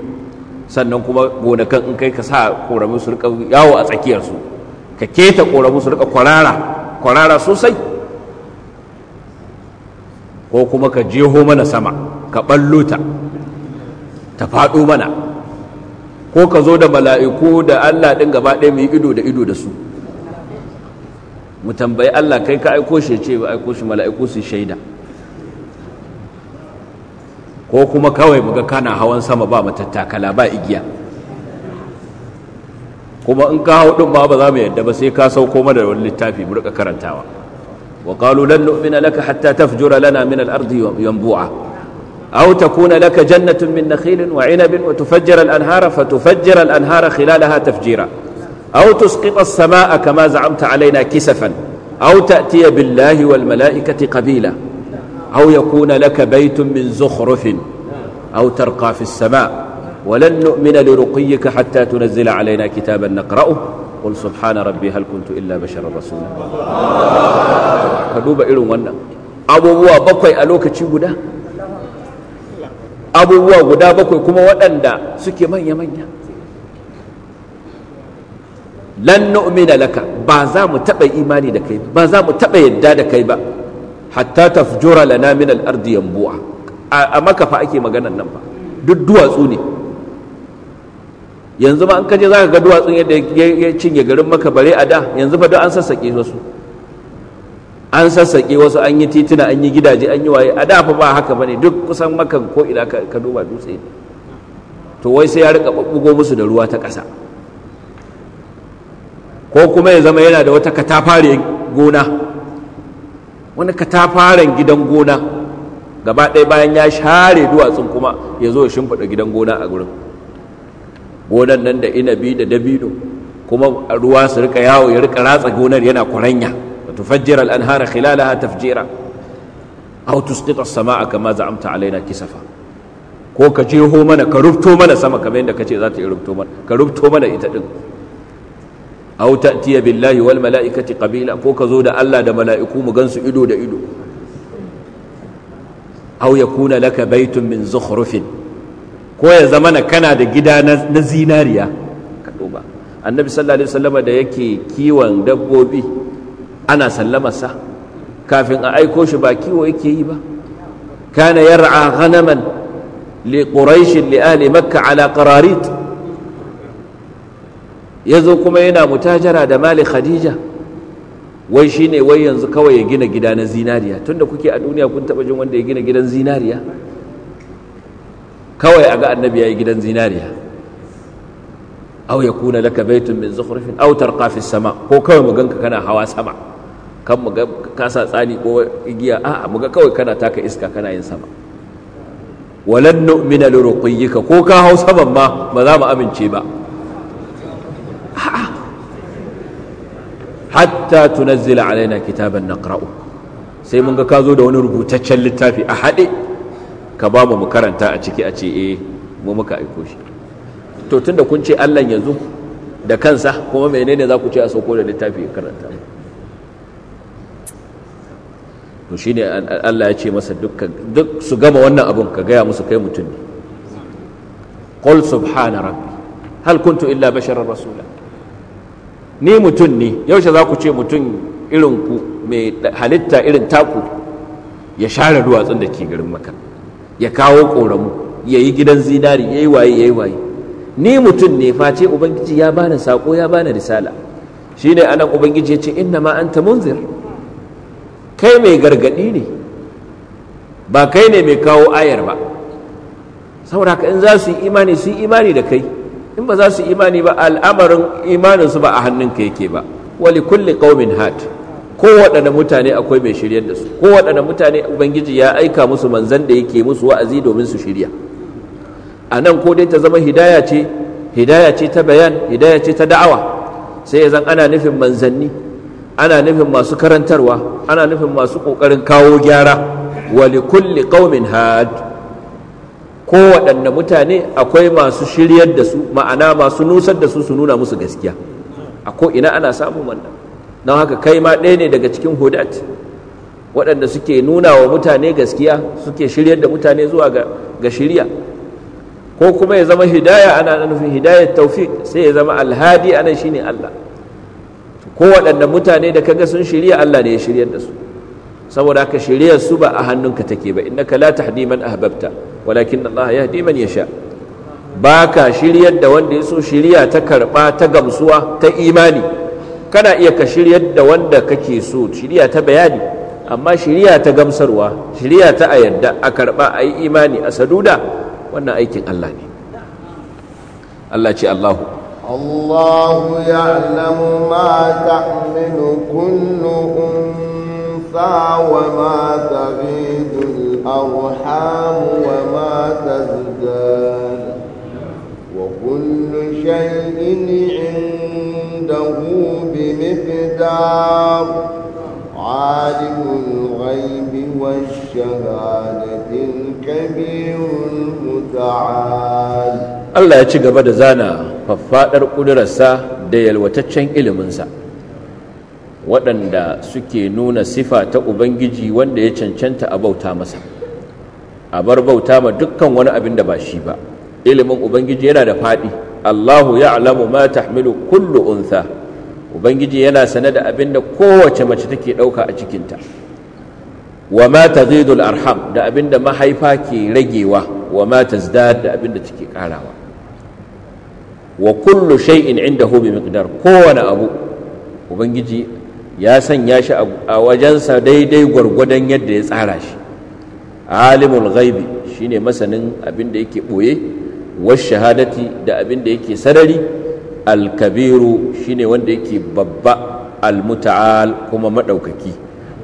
sannan kuma gonakan in kai ka sa koramu su rika yawo a tsakiyarsu ka keta koramu su rika kwarara kwarara sosai ko kuma ka jeho mana sama ka ballo ta ta faɗo mana ko ka zo da mala'iku da Allah ɗin gaba ɗaya mu yi ido da ido da su mu Allah kai ka aiko shi ce ba aiko shi mala'iku su shaida ko kuma kawai mu kana hawan sama ba matattakala ba igiya kuma in ka hau ɗin ba ba za mu yadda ba sai ka sauko mana da wani littafi mu rika karantawa wa ƙalu lan nu'mina laka hatta tafjura lana min al-ardi yanbu'a أو تكون لك جنة من نخيل وعنب وتفجر الأنهار فتفجر الأنهار خلالها تفجيرا أو تسقط السماء كما زعمت علينا كسفا أو تأتي بالله والملائكة قبيلا أو يكون لك بيت من زخرف أو ترقى في السماء ولن نؤمن لرقيك حتى تنزل علينا كتابا نقرأه قل سبحان ربي هل كنت إلا بشرا رسولا آه. فدوب إلو أبو بقي ألوك تشيبنا abubuwa guda bakwai kuma waɗanda suke manya-manya lan nu'mina laka ba za mu taɓa imani da kai ba za mu taɓa yadda da kai ba hatta tafjura lana min al a maka fa ake maganan nan ba duk duwatsu ne yanzu ma an kaje zaka ga duwatsun yadda ya cinye garin maka bare a da yanzu fa duk an sassake wasu an sassaƙe wasu an yi tituna an yi gidaje an yi waye a fa ba haka bane duk kusan makan ko ina ka duba dutse ne to wai sai ya rika bugo musu da ruwa ta ƙasa ko kuma ya zama yana da wata katafaren gona wani katafaren gidan gona gaba ɗaya bayan ya share duwatsun kuma ya zo ya shimfiɗa gidan gona a gurin gonan nan da inabi da dabino kuma ruwa su rika yawo ya rika ratsa gonar yana kwaranya وتفجر الأنهار خلالها تفجيرا أو تسقط السماء كما زعمت علينا كسفا ko ka jeho mana ka rubto mana sama kamar yadda ka ce za ta yi rubto mana ka rubto mana ita din aw tiya billahi wal mala'ikati qabila ko ka zo da Allah da mala'iku mu gansu ido da ido aw yakuna laka baitun min zukhrufin ko ya zama na kana da gida na zinariya ka duba annabi sallallahu alaihi wasallama da yake kiwon dabbobi ana sallamarsa kafin a aiko shi ba kiwo yake yi ba kana yar'a ghanaman li quraish li ahli makka ala qararit yazo kuma yana mutajara da mali khadija wai shine wai yanzu kawai ya gina gida na zinariya tunda kuke a duniya kun taba jin wanda ya gina gidan zinariya kawai a ga annabi yayi gidan zinariya aw yakuna laka baytun min zukhrifin aw tarqa fi sama ko kawai mu ganka kana hawa sama kan mu ga kasa tsani ko igiya a'a mu ga kawai kana taka iska kana yin sama walan nu'mina liruqiyika ko ka hau saman ma ba za mu amince ba hatta tunzila alaina kitaban naqra'u sai mun ga ka zo da wani rubutaccen littafi a haɗe ka ba mu mu karanta a ciki a ce eh mu muka aiko shi to tunda kun ce Allah yanzu da kansa kuma menene za ku ce a sauko da littafi ya karanta to shine Allah ya ce masa duk su gama wannan abun ka gaya musu kai mutum ne qul subhana rabbi hal kuntu illa basharar rasula ni mutum ne yaushe za ku ce mutum irin ku mai halitta irin taku ya share duwatsun da ke garin maka ya kawo ƙoramu ya yi gidan zinari ya yi waye ya yi waye ni mutum ne face ubangiji ya bani saƙo ya bani risala shine anan ubangiji ya ce inna ma anta munzir kai mai gargadi ne ba kai ne mai kawo ayar ba saboda haka in za su yi imani su yi imani da kai in ba za su yi imani ba al'amarin imaninsu ba a hannunka yake ba wali kulli qaumin hat waɗanda mutane akwai mai shiryar da su waɗanda mutane ubangiji ya aika musu manzan da yake musu wa'azi domin su shirya a nan ko dai ta zama hidaya ce hidaya ce ta bayan hidaya ce ta da'awa sai ya zan ana nufin manzanni ana nufin masu karantarwa ana nufin masu ƙoƙarin kawo gyara wali kulli ƙaumin had kowaɗanne mutane akwai masu shiryar da su ma'ana masu nusar da su su nuna musu gaskiya a ko'ina ana samun wannan don haka kai ma ɗaya ne daga cikin hudat waɗanda suke nuna wa mutane gaskiya suke shiryar da mutane zuwa ga shirya ko kuma ya zama hidaya ana nufin hidayar taufik sai ya zama alhadi anan shine Allah kowaɗanne mutane da kaga sun shirya Allah ne ya shiryar da su saboda haka shiryar su ba a hannunka take ba innaka la tahdi man ahbabta walakin Allah yahdi man yasha baka shiryar da wanda ya so shirya ta karba ta gamsuwa ta imani kana iya ka shiryar da wanda kake so shirya ta bayani amma shirya ta gamsarwa shirya ta a yadda a karba a yi imani a saduda wannan aikin Allah ne Allah ce Allahu الله يعلم ما تحمل كل أنثى وما تغيد الأرحام وما تزداد وكل شيء عنده بمقدار عالم الغيب والشهادة الكبير المتعال Allah ya ci gaba da zana faffaɗar ƙudurarsa da yalwataccen iliminsa waɗanda suke nuna sifa ta Ubangiji wanda ya cancanta a bauta masa a bar bauta ma dukkan wani abin da ba shi ba ilimin Ubangiji yana da faɗi Allahu ya'lamu ma tahmilu kullu untha Ubangiji yana sane da abin da kowace mace take ɗauka a cikinta wa ma tazidul arham da abin da mahaifa ke ragewa wa ma tazdad da abin da take ƙarawa wa kullu shay'in indahu bi miqdar kowane abu ubangiji ya sanya shi a wajensa daidai gwargwadon yadda ya tsara shi alimul ghaibi shine masanin abin da yake boye was shahadati da abin da yake sarari al-kabiru alkabiru shine wanda yake babba al-muta'al kuma madaukaki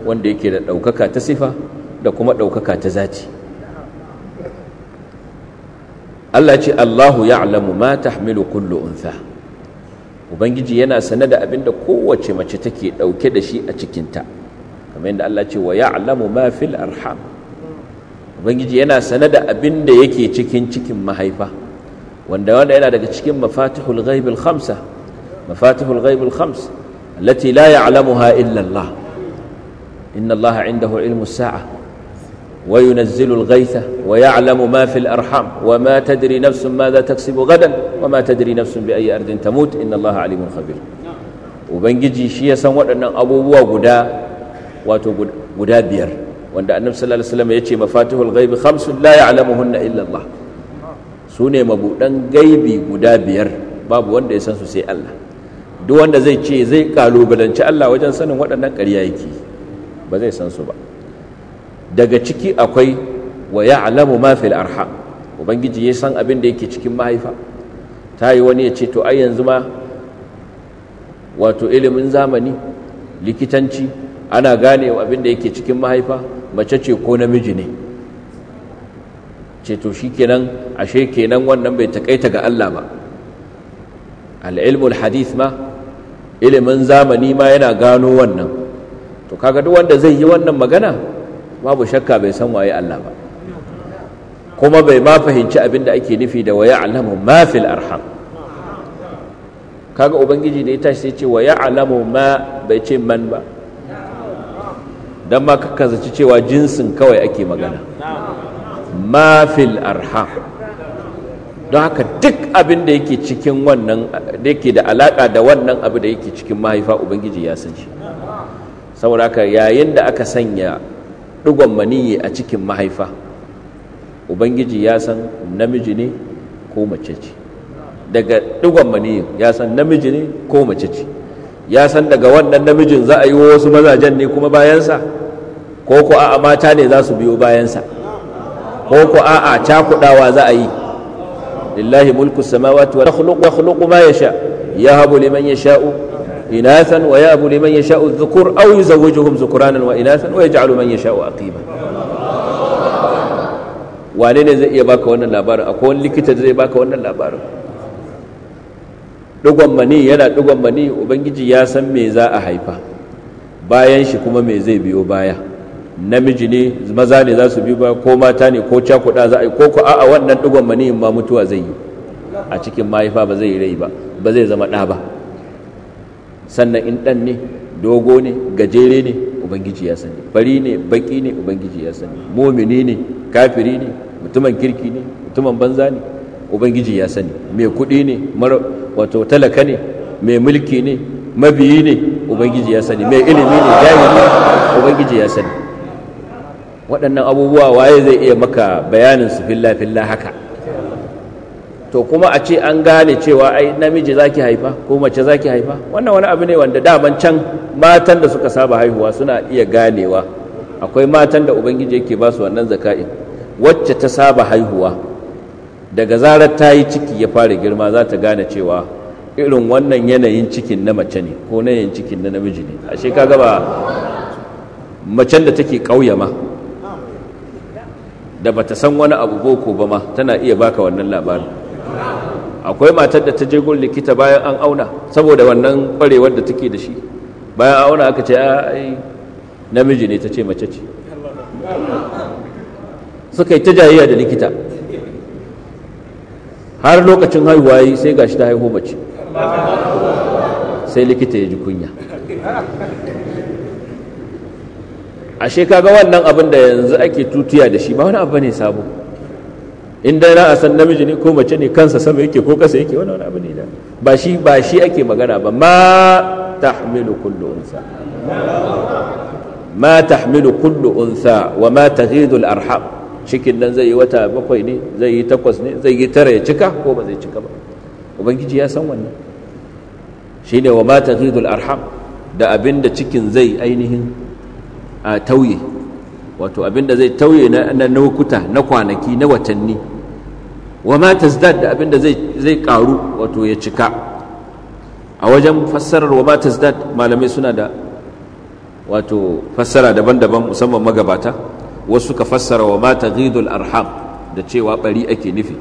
wanda yake da daukaka ta sifa da kuma daukaka ta zati Allah ce Allahu ya'lamu ma tahmilu kullu unsa ubangiji yana sane da abinda kowace mace take dauke da shi a cikinta kamar yadda Allah ce wa ya'lamu ma fil arham ubangiji yana sane da abinda yake cikin cikin mahaifa wanda wanda yana daga cikin mafatihul ghaib al khamsa mafatihul ghaib khams allati la ya'lamuha illa Allah inna Allah indahu ilmu saa وينزل الغيث ويعلم ما في الأرحام وما تدري نفس ماذا تكسب غدا وما تدري نفس بأي أرض تموت إن الله عليم خبير وبنجي شيء سنوات أن أبوه قدا واتو قدا بير وأن النبي صلى الله عليه وسلم يتشي مفاتيح الغيب خمس لا يعلمهن إلا الله سوني مبودن غيبي قدا بير باب وأن يسنسو سي الله duk wanda zai ce zai kalubalanci Allah wajen sanin waɗannan ƙarya yake ba zai san su ba daga ciki akwai wa alamu ma fil arham ubangiji ya san abin da yake cikin mahaifa ta yi wani ya ce to ai yanzu ma wato ilimin zamani likitanci ana gane abin da yake cikin mahaifa mace ce ko namiji ne ce to kenan ashe kenan wannan bai takaita ga Allah ba al hadith ma ilimin zamani ma yana gano wannan to kaga duk wanda zai yi wannan magana babu shakka bai san waye Allah ba kuma bai ma fahimci abin da ake nufi da waya alamu ma fil arham kaga ubangiji da ya tashi sai ce waya alamu ma bai ce man ba dan ma ka zaci cewa jinsin kawai ake magana ma fil arham don haka duk abin da yake cikin wannan da yake da alaka da wannan abu da yake cikin mahaifa ubangiji ya san shi saboda haka yayin da aka sanya ɗigon maniyyi a cikin mahaifa ubangiji ya san namiji ne ko mace ce daga ɗigon maniyyin ya san namiji ne ko mace ce ya san daga wannan namijin za a yi wasu mazajen ne kuma bayansa ko ko a'a mata ne za su biyo bayansa ko ko a'a cakudawa za a yi lillahi mulku samawati wa yakhluqu ma yasha yahabu liman yasha'u إناثا wa لمن يشاء الذكور أو يزوجهم ذكرانا وإناثا ويجعل من يشاء أقيما man yasha'u يباك وانا ne zai iya baka wannan labarin akwai wani zai baka wannan labarin dugon mani yana dugon mani ubangiji ya san me za haifa bayan shi kuma me zai biyo baya namiji ne maza ne za su biyo baya ko mata ne ko cakuɗa za a yi ko ku a'a wannan dugon mani ma mutuwa zai yi a cikin mahaifa ba zai yi rai ba ba zai zama ɗa ba sannan in ɗan ne dogo ne gajere ne ubangiji ya sani fari ne baki ne ubangiji ya sani momini ne kafiri ne mutumin kirki ne mutumin banza ne ubangiji ya sani mai kuɗi ne wato talaka ne mai mulki ne mabiyi ne ubangiji ya sani mai ilimi ne ne ubangiji ya sani waɗannan abubuwa waye zai iya maka bayanin su filla filla haka to kuma a ce an gane cewa ai namiji zaki haifa ko mace zaki haifa wannan wani abu ne wanda daman can matan da suka saba haihuwa suna iya ganewa akwai matan da ubangiji yake ba su wannan zaka'in wacce ta saba haihuwa daga zarar ta yi ciki ya fara girma za ta gane cewa irin wannan yanayin cikin na mace ne ko yanayin cikin na namiji ne ashe ka gaba macen da take ƙauye ma da bata san wani abu boko ba ma tana iya baka wannan labarin akwai matar da ta je gun likita bayan an auna saboda wannan kwarewar da take da shi bayan auna aka ce ah, ai namiji ne ta ce mace ce suka yi ta jayayya da likita har lokacin haihuwa yi sai gashi ta haihu mace sai likita ya ji kunya ashe kaga wannan abin da yanzu ake tutiya da shi ba wani abu ne sabo in dai na a san namiji ne ko mace ne kansa sama yake ko kasa yake wani abu ne da ba shi ba shi ake magana ba ma tahmilu kullu unsa ma tahmilu kullu unsa wa ma taghidu al arham cikin nan zai yi wata bakwai ne zai yi takwas ne zai yi tara ya cika ko ba zai cika ba ubangiji ya san wannan shine wa ma taghidu al arham da abinda cikin zai ainihin a tauye wato abinda zai tauye na lokuta na kwanaki na watanni wa ma tazdad da abinda zai zai karu wato ya cika a wajen fassarar wa ma tazdad malamai suna da wato fassara daban-daban musamman magabata wasu ka fassara wa ma taghidul arham da cewa bari ake nufi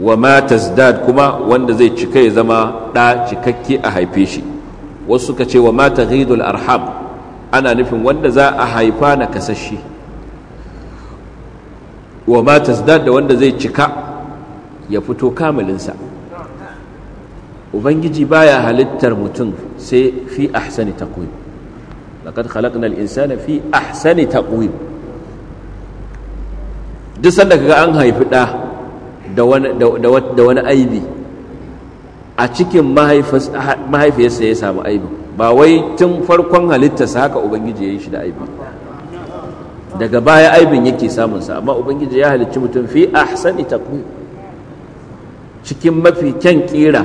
wa ma tazdad kuma wanda zai cika ya zama ɗa cikakke a haife shi wasu suka ce wa ma taghidul arham ana nufin wanda za a haifa na kasashe wa ma tazdad da wanda zai cika ya fito kamalinsa ubangiji baya halittar mutum sai fi ahsani taqwim laqad khalaqnal insana fi ahsani taqwim duk sanda kaga an haifi da da wani da wani aibi a cikin mahaifiyarsa ya samu aibi, ba wai tun farkon halittarsa haka ubangiji ya yi shi da aibin daga baya aibin yake samunsa amma ubangiji ya halicci mutum fi ahsani taqwim cikin mafi kyan kira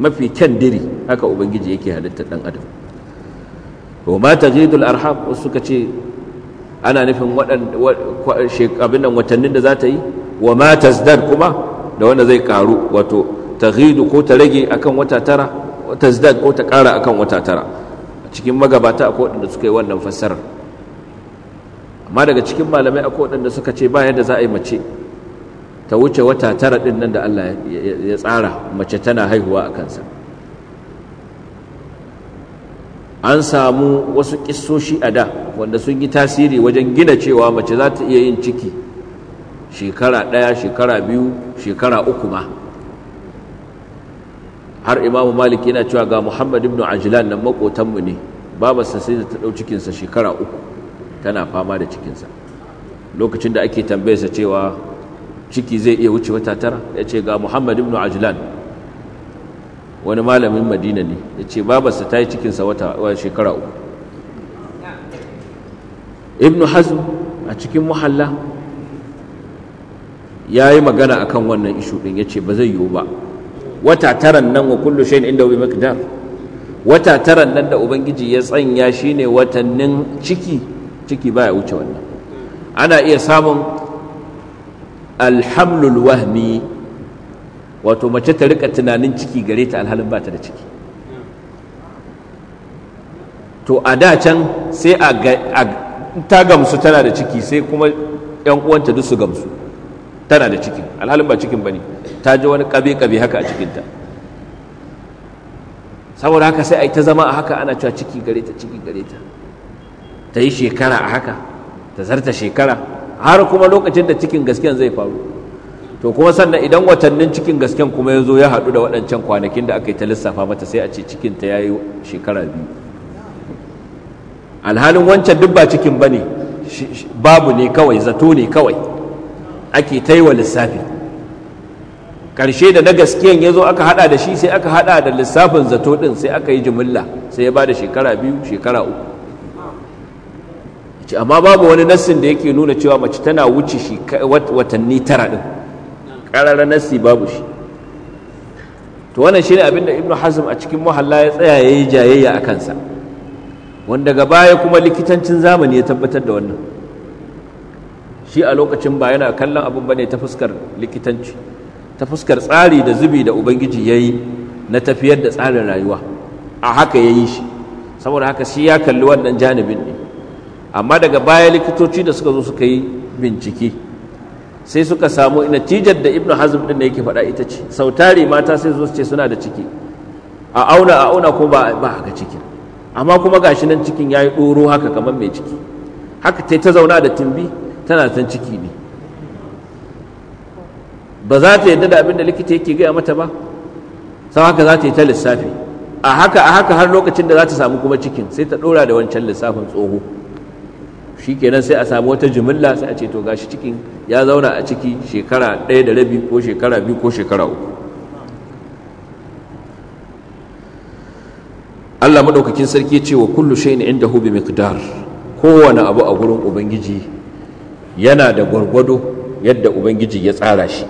mafi kyan diri haka ubangiji yake halitta dan adam wa ma taghidul arham suka ce ana nufin abin nan watannin da za ta yi wa ma tazdar kuma da wanda zai karu wato taghidu ko ta rage akan wata tara tazdad ko ta kara akan wata tara cikin magabata akwai waɗanda suka yi wannan fassarar amma daga cikin malamai akwai waɗanda suka ce ba yadda za a yi mace ta wuce wata tara ɗin nan da Allah ya tsara mace tana haihuwa a kansa an samu wasu ƙissoshi a da wanda sun yi tasiri wajen gina cewa mace za ta iya yin ciki shekara ɗaya shekara biyu shekara uku ma har imamu malik yana cewa ga muhammad ibn ajilan nan maƙotanmu ne babarsa sai da ta ɗau cikinsa shekara uku tana fama da cikinsa lokacin da ake tambayarsa cewa ciki zai iya wuce wata tara ya ce ga muhammad ibn ajlan wani malamin madina ne ya ce babarsa ta yi cikinsa wata shekara uku ibn hazm a cikin muhalla ya yi magana a kan wannan ishu ɗin ya ce ba zai yiwu ba wata taran nan wa kullu shayin inda wubi makidar wata taran nan da ubangiji ya tsanya shine watannin ciki ciki baya wuce wannan ana iya samun alhamlul wahmi wato mace ta rika tunanin ciki gare ta alhalin ba ta da ciki to a da can sai a ta gamsu tana da ciki sai kuma yan uwanta duk su gamsu tana da cikin alhalin ba cikin bane ta ji wani kabe-kabe haka a cikinta saboda haka sai a yi ta zama a haka ana cewa ciki gare ta ciki gare ta ta yi shekara a haka ta zarta shekara har kuma lokacin da cikin gasken zai faru to kuma sannan idan watannin cikin gasken kuma ya zo ya haɗu da waɗancan kwanakin da aka yi ta lissafa mata sai a ce ta ya yi shekara biyu alhalin wancan duk ba cikin ba ne babu ne kawai zato ne kawai ake ta yi wa lissafi ƙarshe da na gaskiyan ya zo aka haɗa da shi sai aka haɗa da lissafin zato ɗin sai aka yi jimilla sai ya ba da shekara biyu shekara uku amma babu wani nassin da yake nuna cewa mace tana wuce shi watanni tara din ƙararra nassi babu shi to wannan shine abin da ibnu hazm a cikin muhalla ya tsaya yayi jayayya a kansa wanda daga baya kuma likitancin zamani ya tabbatar da wannan shi a lokacin ba yana kallon abin bane ta fuskar likitanci ta fuskar tsari da zubi da ubangiji yayi na tafiyar da tsarin rayuwa a haka yayi shi saboda haka shi ya kalli wannan janibin ne amma daga baya likitoci da suka zo suka yi bincike sai suka samu natijar da ibnu hazm din da yake faɗa ita ce sautari mata sai zo su ce suna da ciki a auna a auna ko ba ba haka cikin amma kuma gashi nan cikin yayi ɗoro haka kamar mai ciki haka tai ta zauna da timbi tana san ciki ne ba za ta yadda da abin da likita yake gaya mata ba sau haka za ta yi ta lissafi a haka a haka har lokacin da za ta samu kuma cikin sai ta ɗora da wancan lissafin tsoho shi nan sai a samu wata jimilla sai a ce to gashi cikin ya zauna a ciki shekara ɗaya da rabi ko shekara biyu ko shekara uku Allah maɗaukakin sarki ce wa kullu shay'in hu bi miqdar kowane abu a gurin ubangiji yana da gwargwado yadda ubangiji ya tsara shi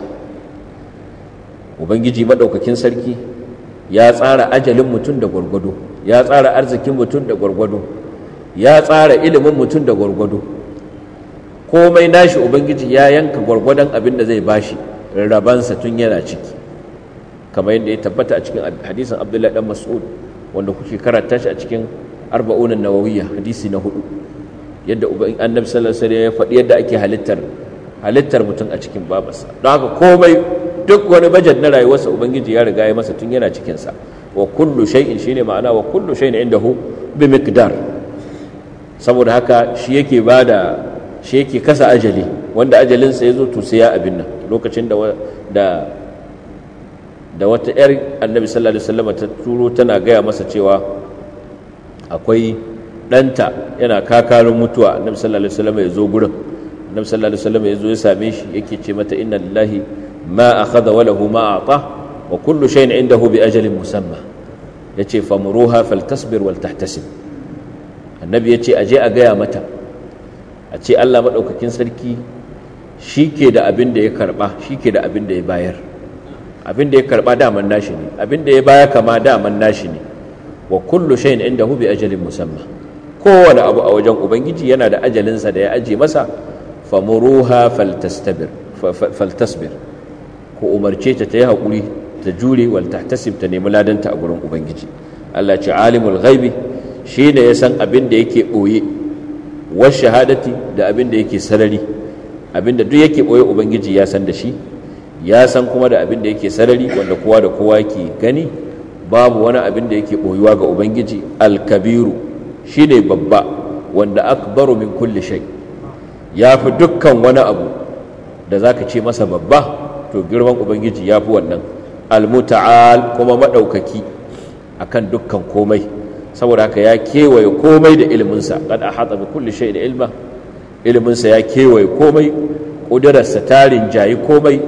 ubangiji maɗaukakin sarki ya tsara ajalin mutum da gwargwado ya tsara arzikin mutum da gwargwado ya tsara ilimin mutum da gwargwado komai nashi ubangiji ya yanka gwargwadon abin da zai bashi rabansa tun yana ciki kamar yadda ya tabbata a cikin hadisin abdullahi dan mas'ud wanda kuke karanta shi a cikin arba'unan nawawiya hadisi na hudu yadda annabi sallallahu alaihi ya faɗi yadda ake halittar halittar mutum a cikin babarsa don haka komai duk wani bajet na rayuwarsa ubangiji ya riga ya masa tun yana cikinsa wa kullu shay'in shine ma'ana wa kullu shay'in indahu bi miqdar saboda haka shi yake ba da shi yake kasa ajali wanda ajalinsa ya zo to sai ya abin nan lokacin da da da wata 'yar annabi sallallahu alaihi wasallam ta turo tana gaya masa cewa akwai ɗanta yana kakarin mutuwa annabi sallallahu alaihi wasallam ya zo gurin annabi sallallahu alaihi wasallam ya zo ya same shi yake ce mata inna lillahi ma akhadha wa lahu ma ata wa kullu shay'in indahu bi ajalin musamma yace famruha faltasbir wal tahtasib annabi ya ce a je a gaya mata a ce allah maɗaukakin sarki shi ke da abin da ya karɓa shi ke da abin da ya bayar abin da ya karɓa daman nashi ne abin da ya baya kama daman nashi ne wa kullu shayin inda hu bi ajalin musamman kowane abu a wajen ubangiji yana da ajalinsa da ya aje masa famuruha faltastabir faltasbir ko umarce ta ta yi haƙuri ta jure wal tahtasib ta nemi ladanta a gurin ubangiji allah ce alimul ghaibi shi ne ya san abin da yake ɓoye wa shahadati da abin da yake sarari abin da duk yake ɓoye ubangiji ya san da shi ya san kuma da abin da yake sarari wanda kowa da kowa ke gani babu wani abin da yake ɓoyuwa ga ubangiji alkabiru shi ne babba wanda akbaru min kulli shai ya fi dukkan wani abu da za ka ce masa babba to girman ubangiji ya fi wannan almuta'al kuma maɗaukaki akan dukkan komai saboda haka ya kewaye komai da iliminsa a ahata bi kulli da ilma iliminsa ya kewaye komai kudirarsa tarin jayi komai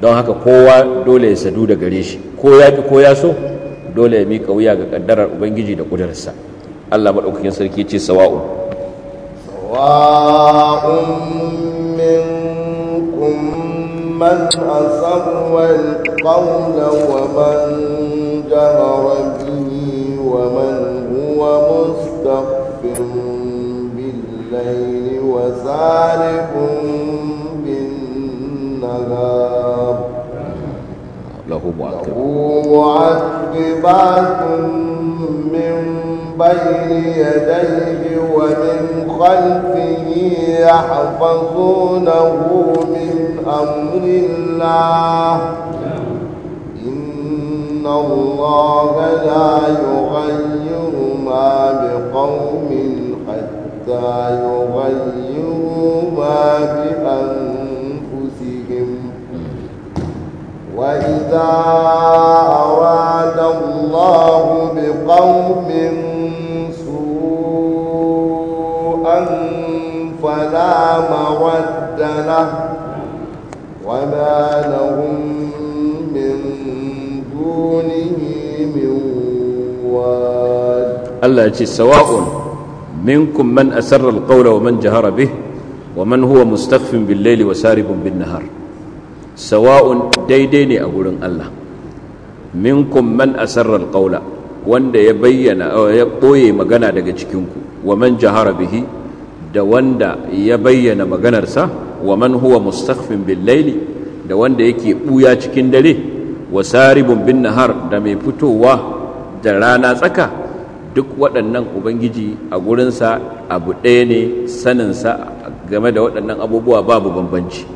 don haka kowa dole ya sadu da gare shi ko ya fi ko ya so dole ya miƙa wuya ga kaddarar ubangiji da ƙudurarsa Allah maɗaukakin sarki ce sawa'un sawa'un minkum ومن هو مستخف بالليل وسارق بالنهار له معقبات من بين يديه ومن خلفه يحفظونه من أمر الله إن الله لا يغفر ما بقوم حتى يغيروا ما بأنفسهم وإذا أراد الله بقوم سوءا فلا مرد له وما لهم من دونه من وال Allah ya ce sawa'un minkum man asarra alqawla wa man jahara bih wa man huwa mustakhfin bil laili wa saribun bin nahar sawa'un daidai ne a gurin Allah minkum man asarra alqawla wanda ya bayyana ya boye magana daga cikin ku wa man jahara bihi da wanda ya bayyana maganarsa wa man huwa mustakhfin bil laili da wanda yake buya cikin dare wa saribun bin nahar da mai fitowa da rana tsaka duk waɗannan ubangiji a gurinsa abu ɗaya ne saninsa game da waɗannan abubuwa babu bambanci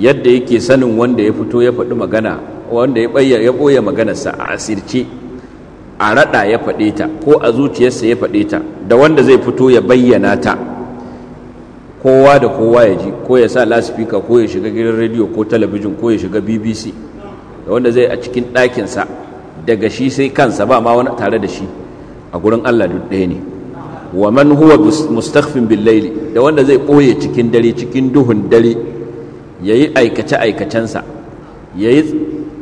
yadda yake sanin wanda ya fito ya faɗi magana wanda ya ɓoye maganarsa a asirce a raɗa ya faɗe ta ko a zuciyarsa ya faɗe ta da wanda zai fito ya bayyana ta kowa da kowa ya ji ko ya sa lasifika ko ya shiga gidan rediyo ko talabijin ko ya shiga bbc da wanda zai a cikin ɗakinsa daga shi sai kansa ba ma wani tare da shi a gurin Allah duk ɗaya ne wa man huwa mustakhfin bil layli da wanda zai boye cikin dare cikin duhun dare yayi aikace aikacensa yayi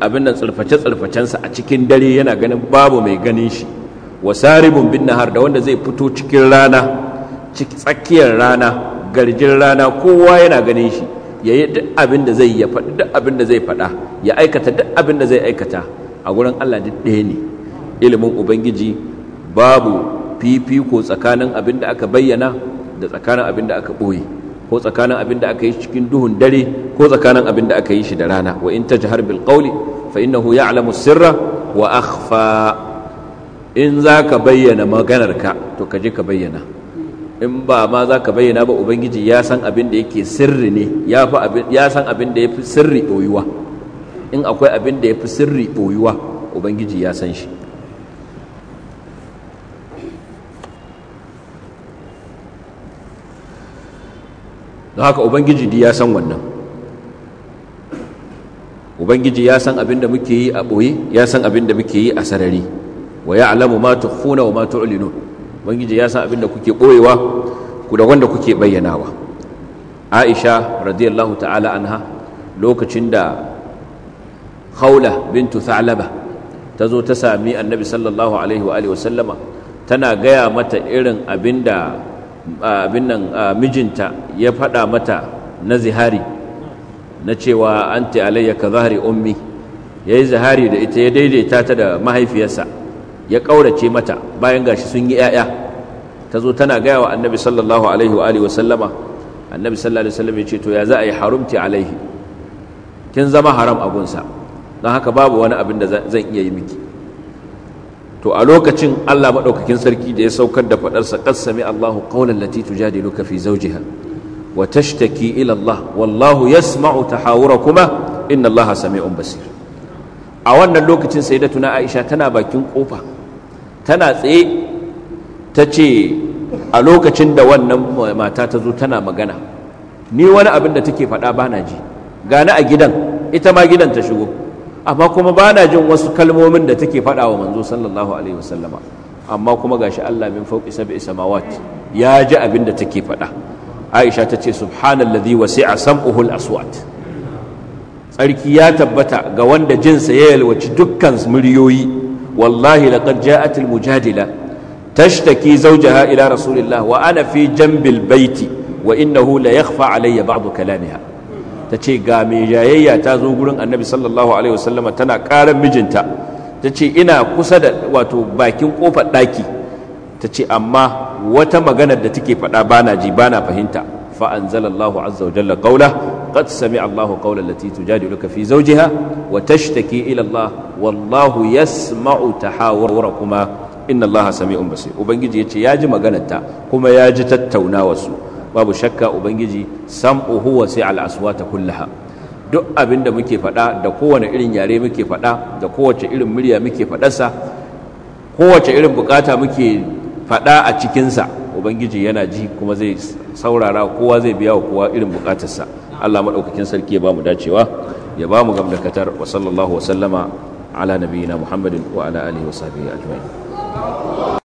abin nan tsulface tsulfacensa a cikin dare yana ganin babu mai ganin shi wa saribun bin nahar da wanda zai fito cikin rana tsakiyar rana garjin rana kowa yana ganin shi ya yi duk abin da zai ya faɗi duk abin da zai faɗa ya aikata duk abin da zai aikata a gurin Allah duk ɗaya ne ilimin ubangiji babu fifiko tsakanin abin da aka bayyana da tsakanin abin da aka ɓoye ko tsakanin abin da aka yi cikin duhun dare ko tsakanin abin da aka yi shi da rana wa in ji bil qawli fa ya ya'lamu sirra wa akhfa in ka bayyana maganarka to ka je ka bayyana in ba ma za ka bayyana ba ubangiji ya san abin da yake sirri ne ya san abin da ya fi sirri ɓoyuwa in akwai abin da ya fi sirri ɓoyuwa ubangiji ya san shi don haka ubangiji di ya san wannan ubangiji ya san abin da muke yi a ɓoye ya san abin da muke yi a sarari wa ya alamu ma ta tukhuna wa ma ta tu'linun ubangiji ya san abin da kuke ɓoyewa ku da wanda kuke bayyanawa aisha radiyallahu ta'ala anha lokacin da haula bintu thalaba ta zo ta sami annabi sallallahu alaihi wa alihi tana gaya mata irin abin da abin nan mijinta ya faɗa mata na zihari na cewa anti alayya ka zahari ummi ya yi zihari da ita ya daidaita ta da mahaifiyarsa ya ƙaurace mata bayan gashi sun yi 'ya'ya ta zo tana gaya wa annabi sallallahu alaihi wa alihi wasallama annabi sallallahu alaihi wasallam ya ce to ya za a yi harumti alaihi kin zama haram a gunsa don haka babu wani abin da zan iya yi miki to a lokacin Allah maɗaukakin sarki da ya saukar da faɗarsa qad sami Allahu qawlan lati tujadiluka fi zawjiha wa tashtaki ila Allah wallahu yasma'u kuma, inna Allah sami'un basir a wannan lokacin sayyidatuna Aisha tana bakin kofa tana tsaye ta ce a lokacin da wannan mata ta zo tana magana ni wani abin da take faɗa ba na ji gani a gidan ita ma gidan ta shigo amma kuma ba na jin wasu kalmomin da take faɗa wa manzo sallallahu alaihi wasallama amma kuma gashi Allah min fauki sab'i samawat ya ji abin da take faɗa Aisha ta ce subhanalladhi wasi'a sam'uhu al-aswat tsarki ya tabbata ga wanda jinsa ya yalwaci dukkan muryoyi wallahi laqad ja'at al-mujadila tashtaki zawjaha ila rasulillah wa ana fi jambil baiti wa innahu la yakhfa alayya ba'd kalamiha ta ce ga mai jayayya ta zo gurin annabi sallallahu alaihi wasallama tana karar mijinta ta ce ina kusa da wato bakin kofar ɗaki ta ce amma wata maganar da take faɗa bana ji bana fahimta fa anzalallahu azza wa jalla qawla qad sami'a Allahu qawla allati tujadiluka fi zawjiha wa tashtaki ila Allah wallahu yasma'u tahawurakuma inna Allah sami'un basir ubangiji yace ya ji maganarta kuma ya ji tattaunawar su babu shakka ubangiji sam uhu wa sai al'aswata kullaha duk abin da muke faɗa da kowane irin yare muke faɗa da kowace irin murya muke faɗarsa kowace irin bukata muke faɗa a cikinsa ubangiji yana ji kuma zai saurara kowa zai biya wa kowa irin bukatarsa allah maɗaukakin sarki ya ba mu dacewa ya ba mu gamdakatar wa sallallahu wa sallama ala nabiyina muhammadin wa ala alihi wa sahbihi ajma'in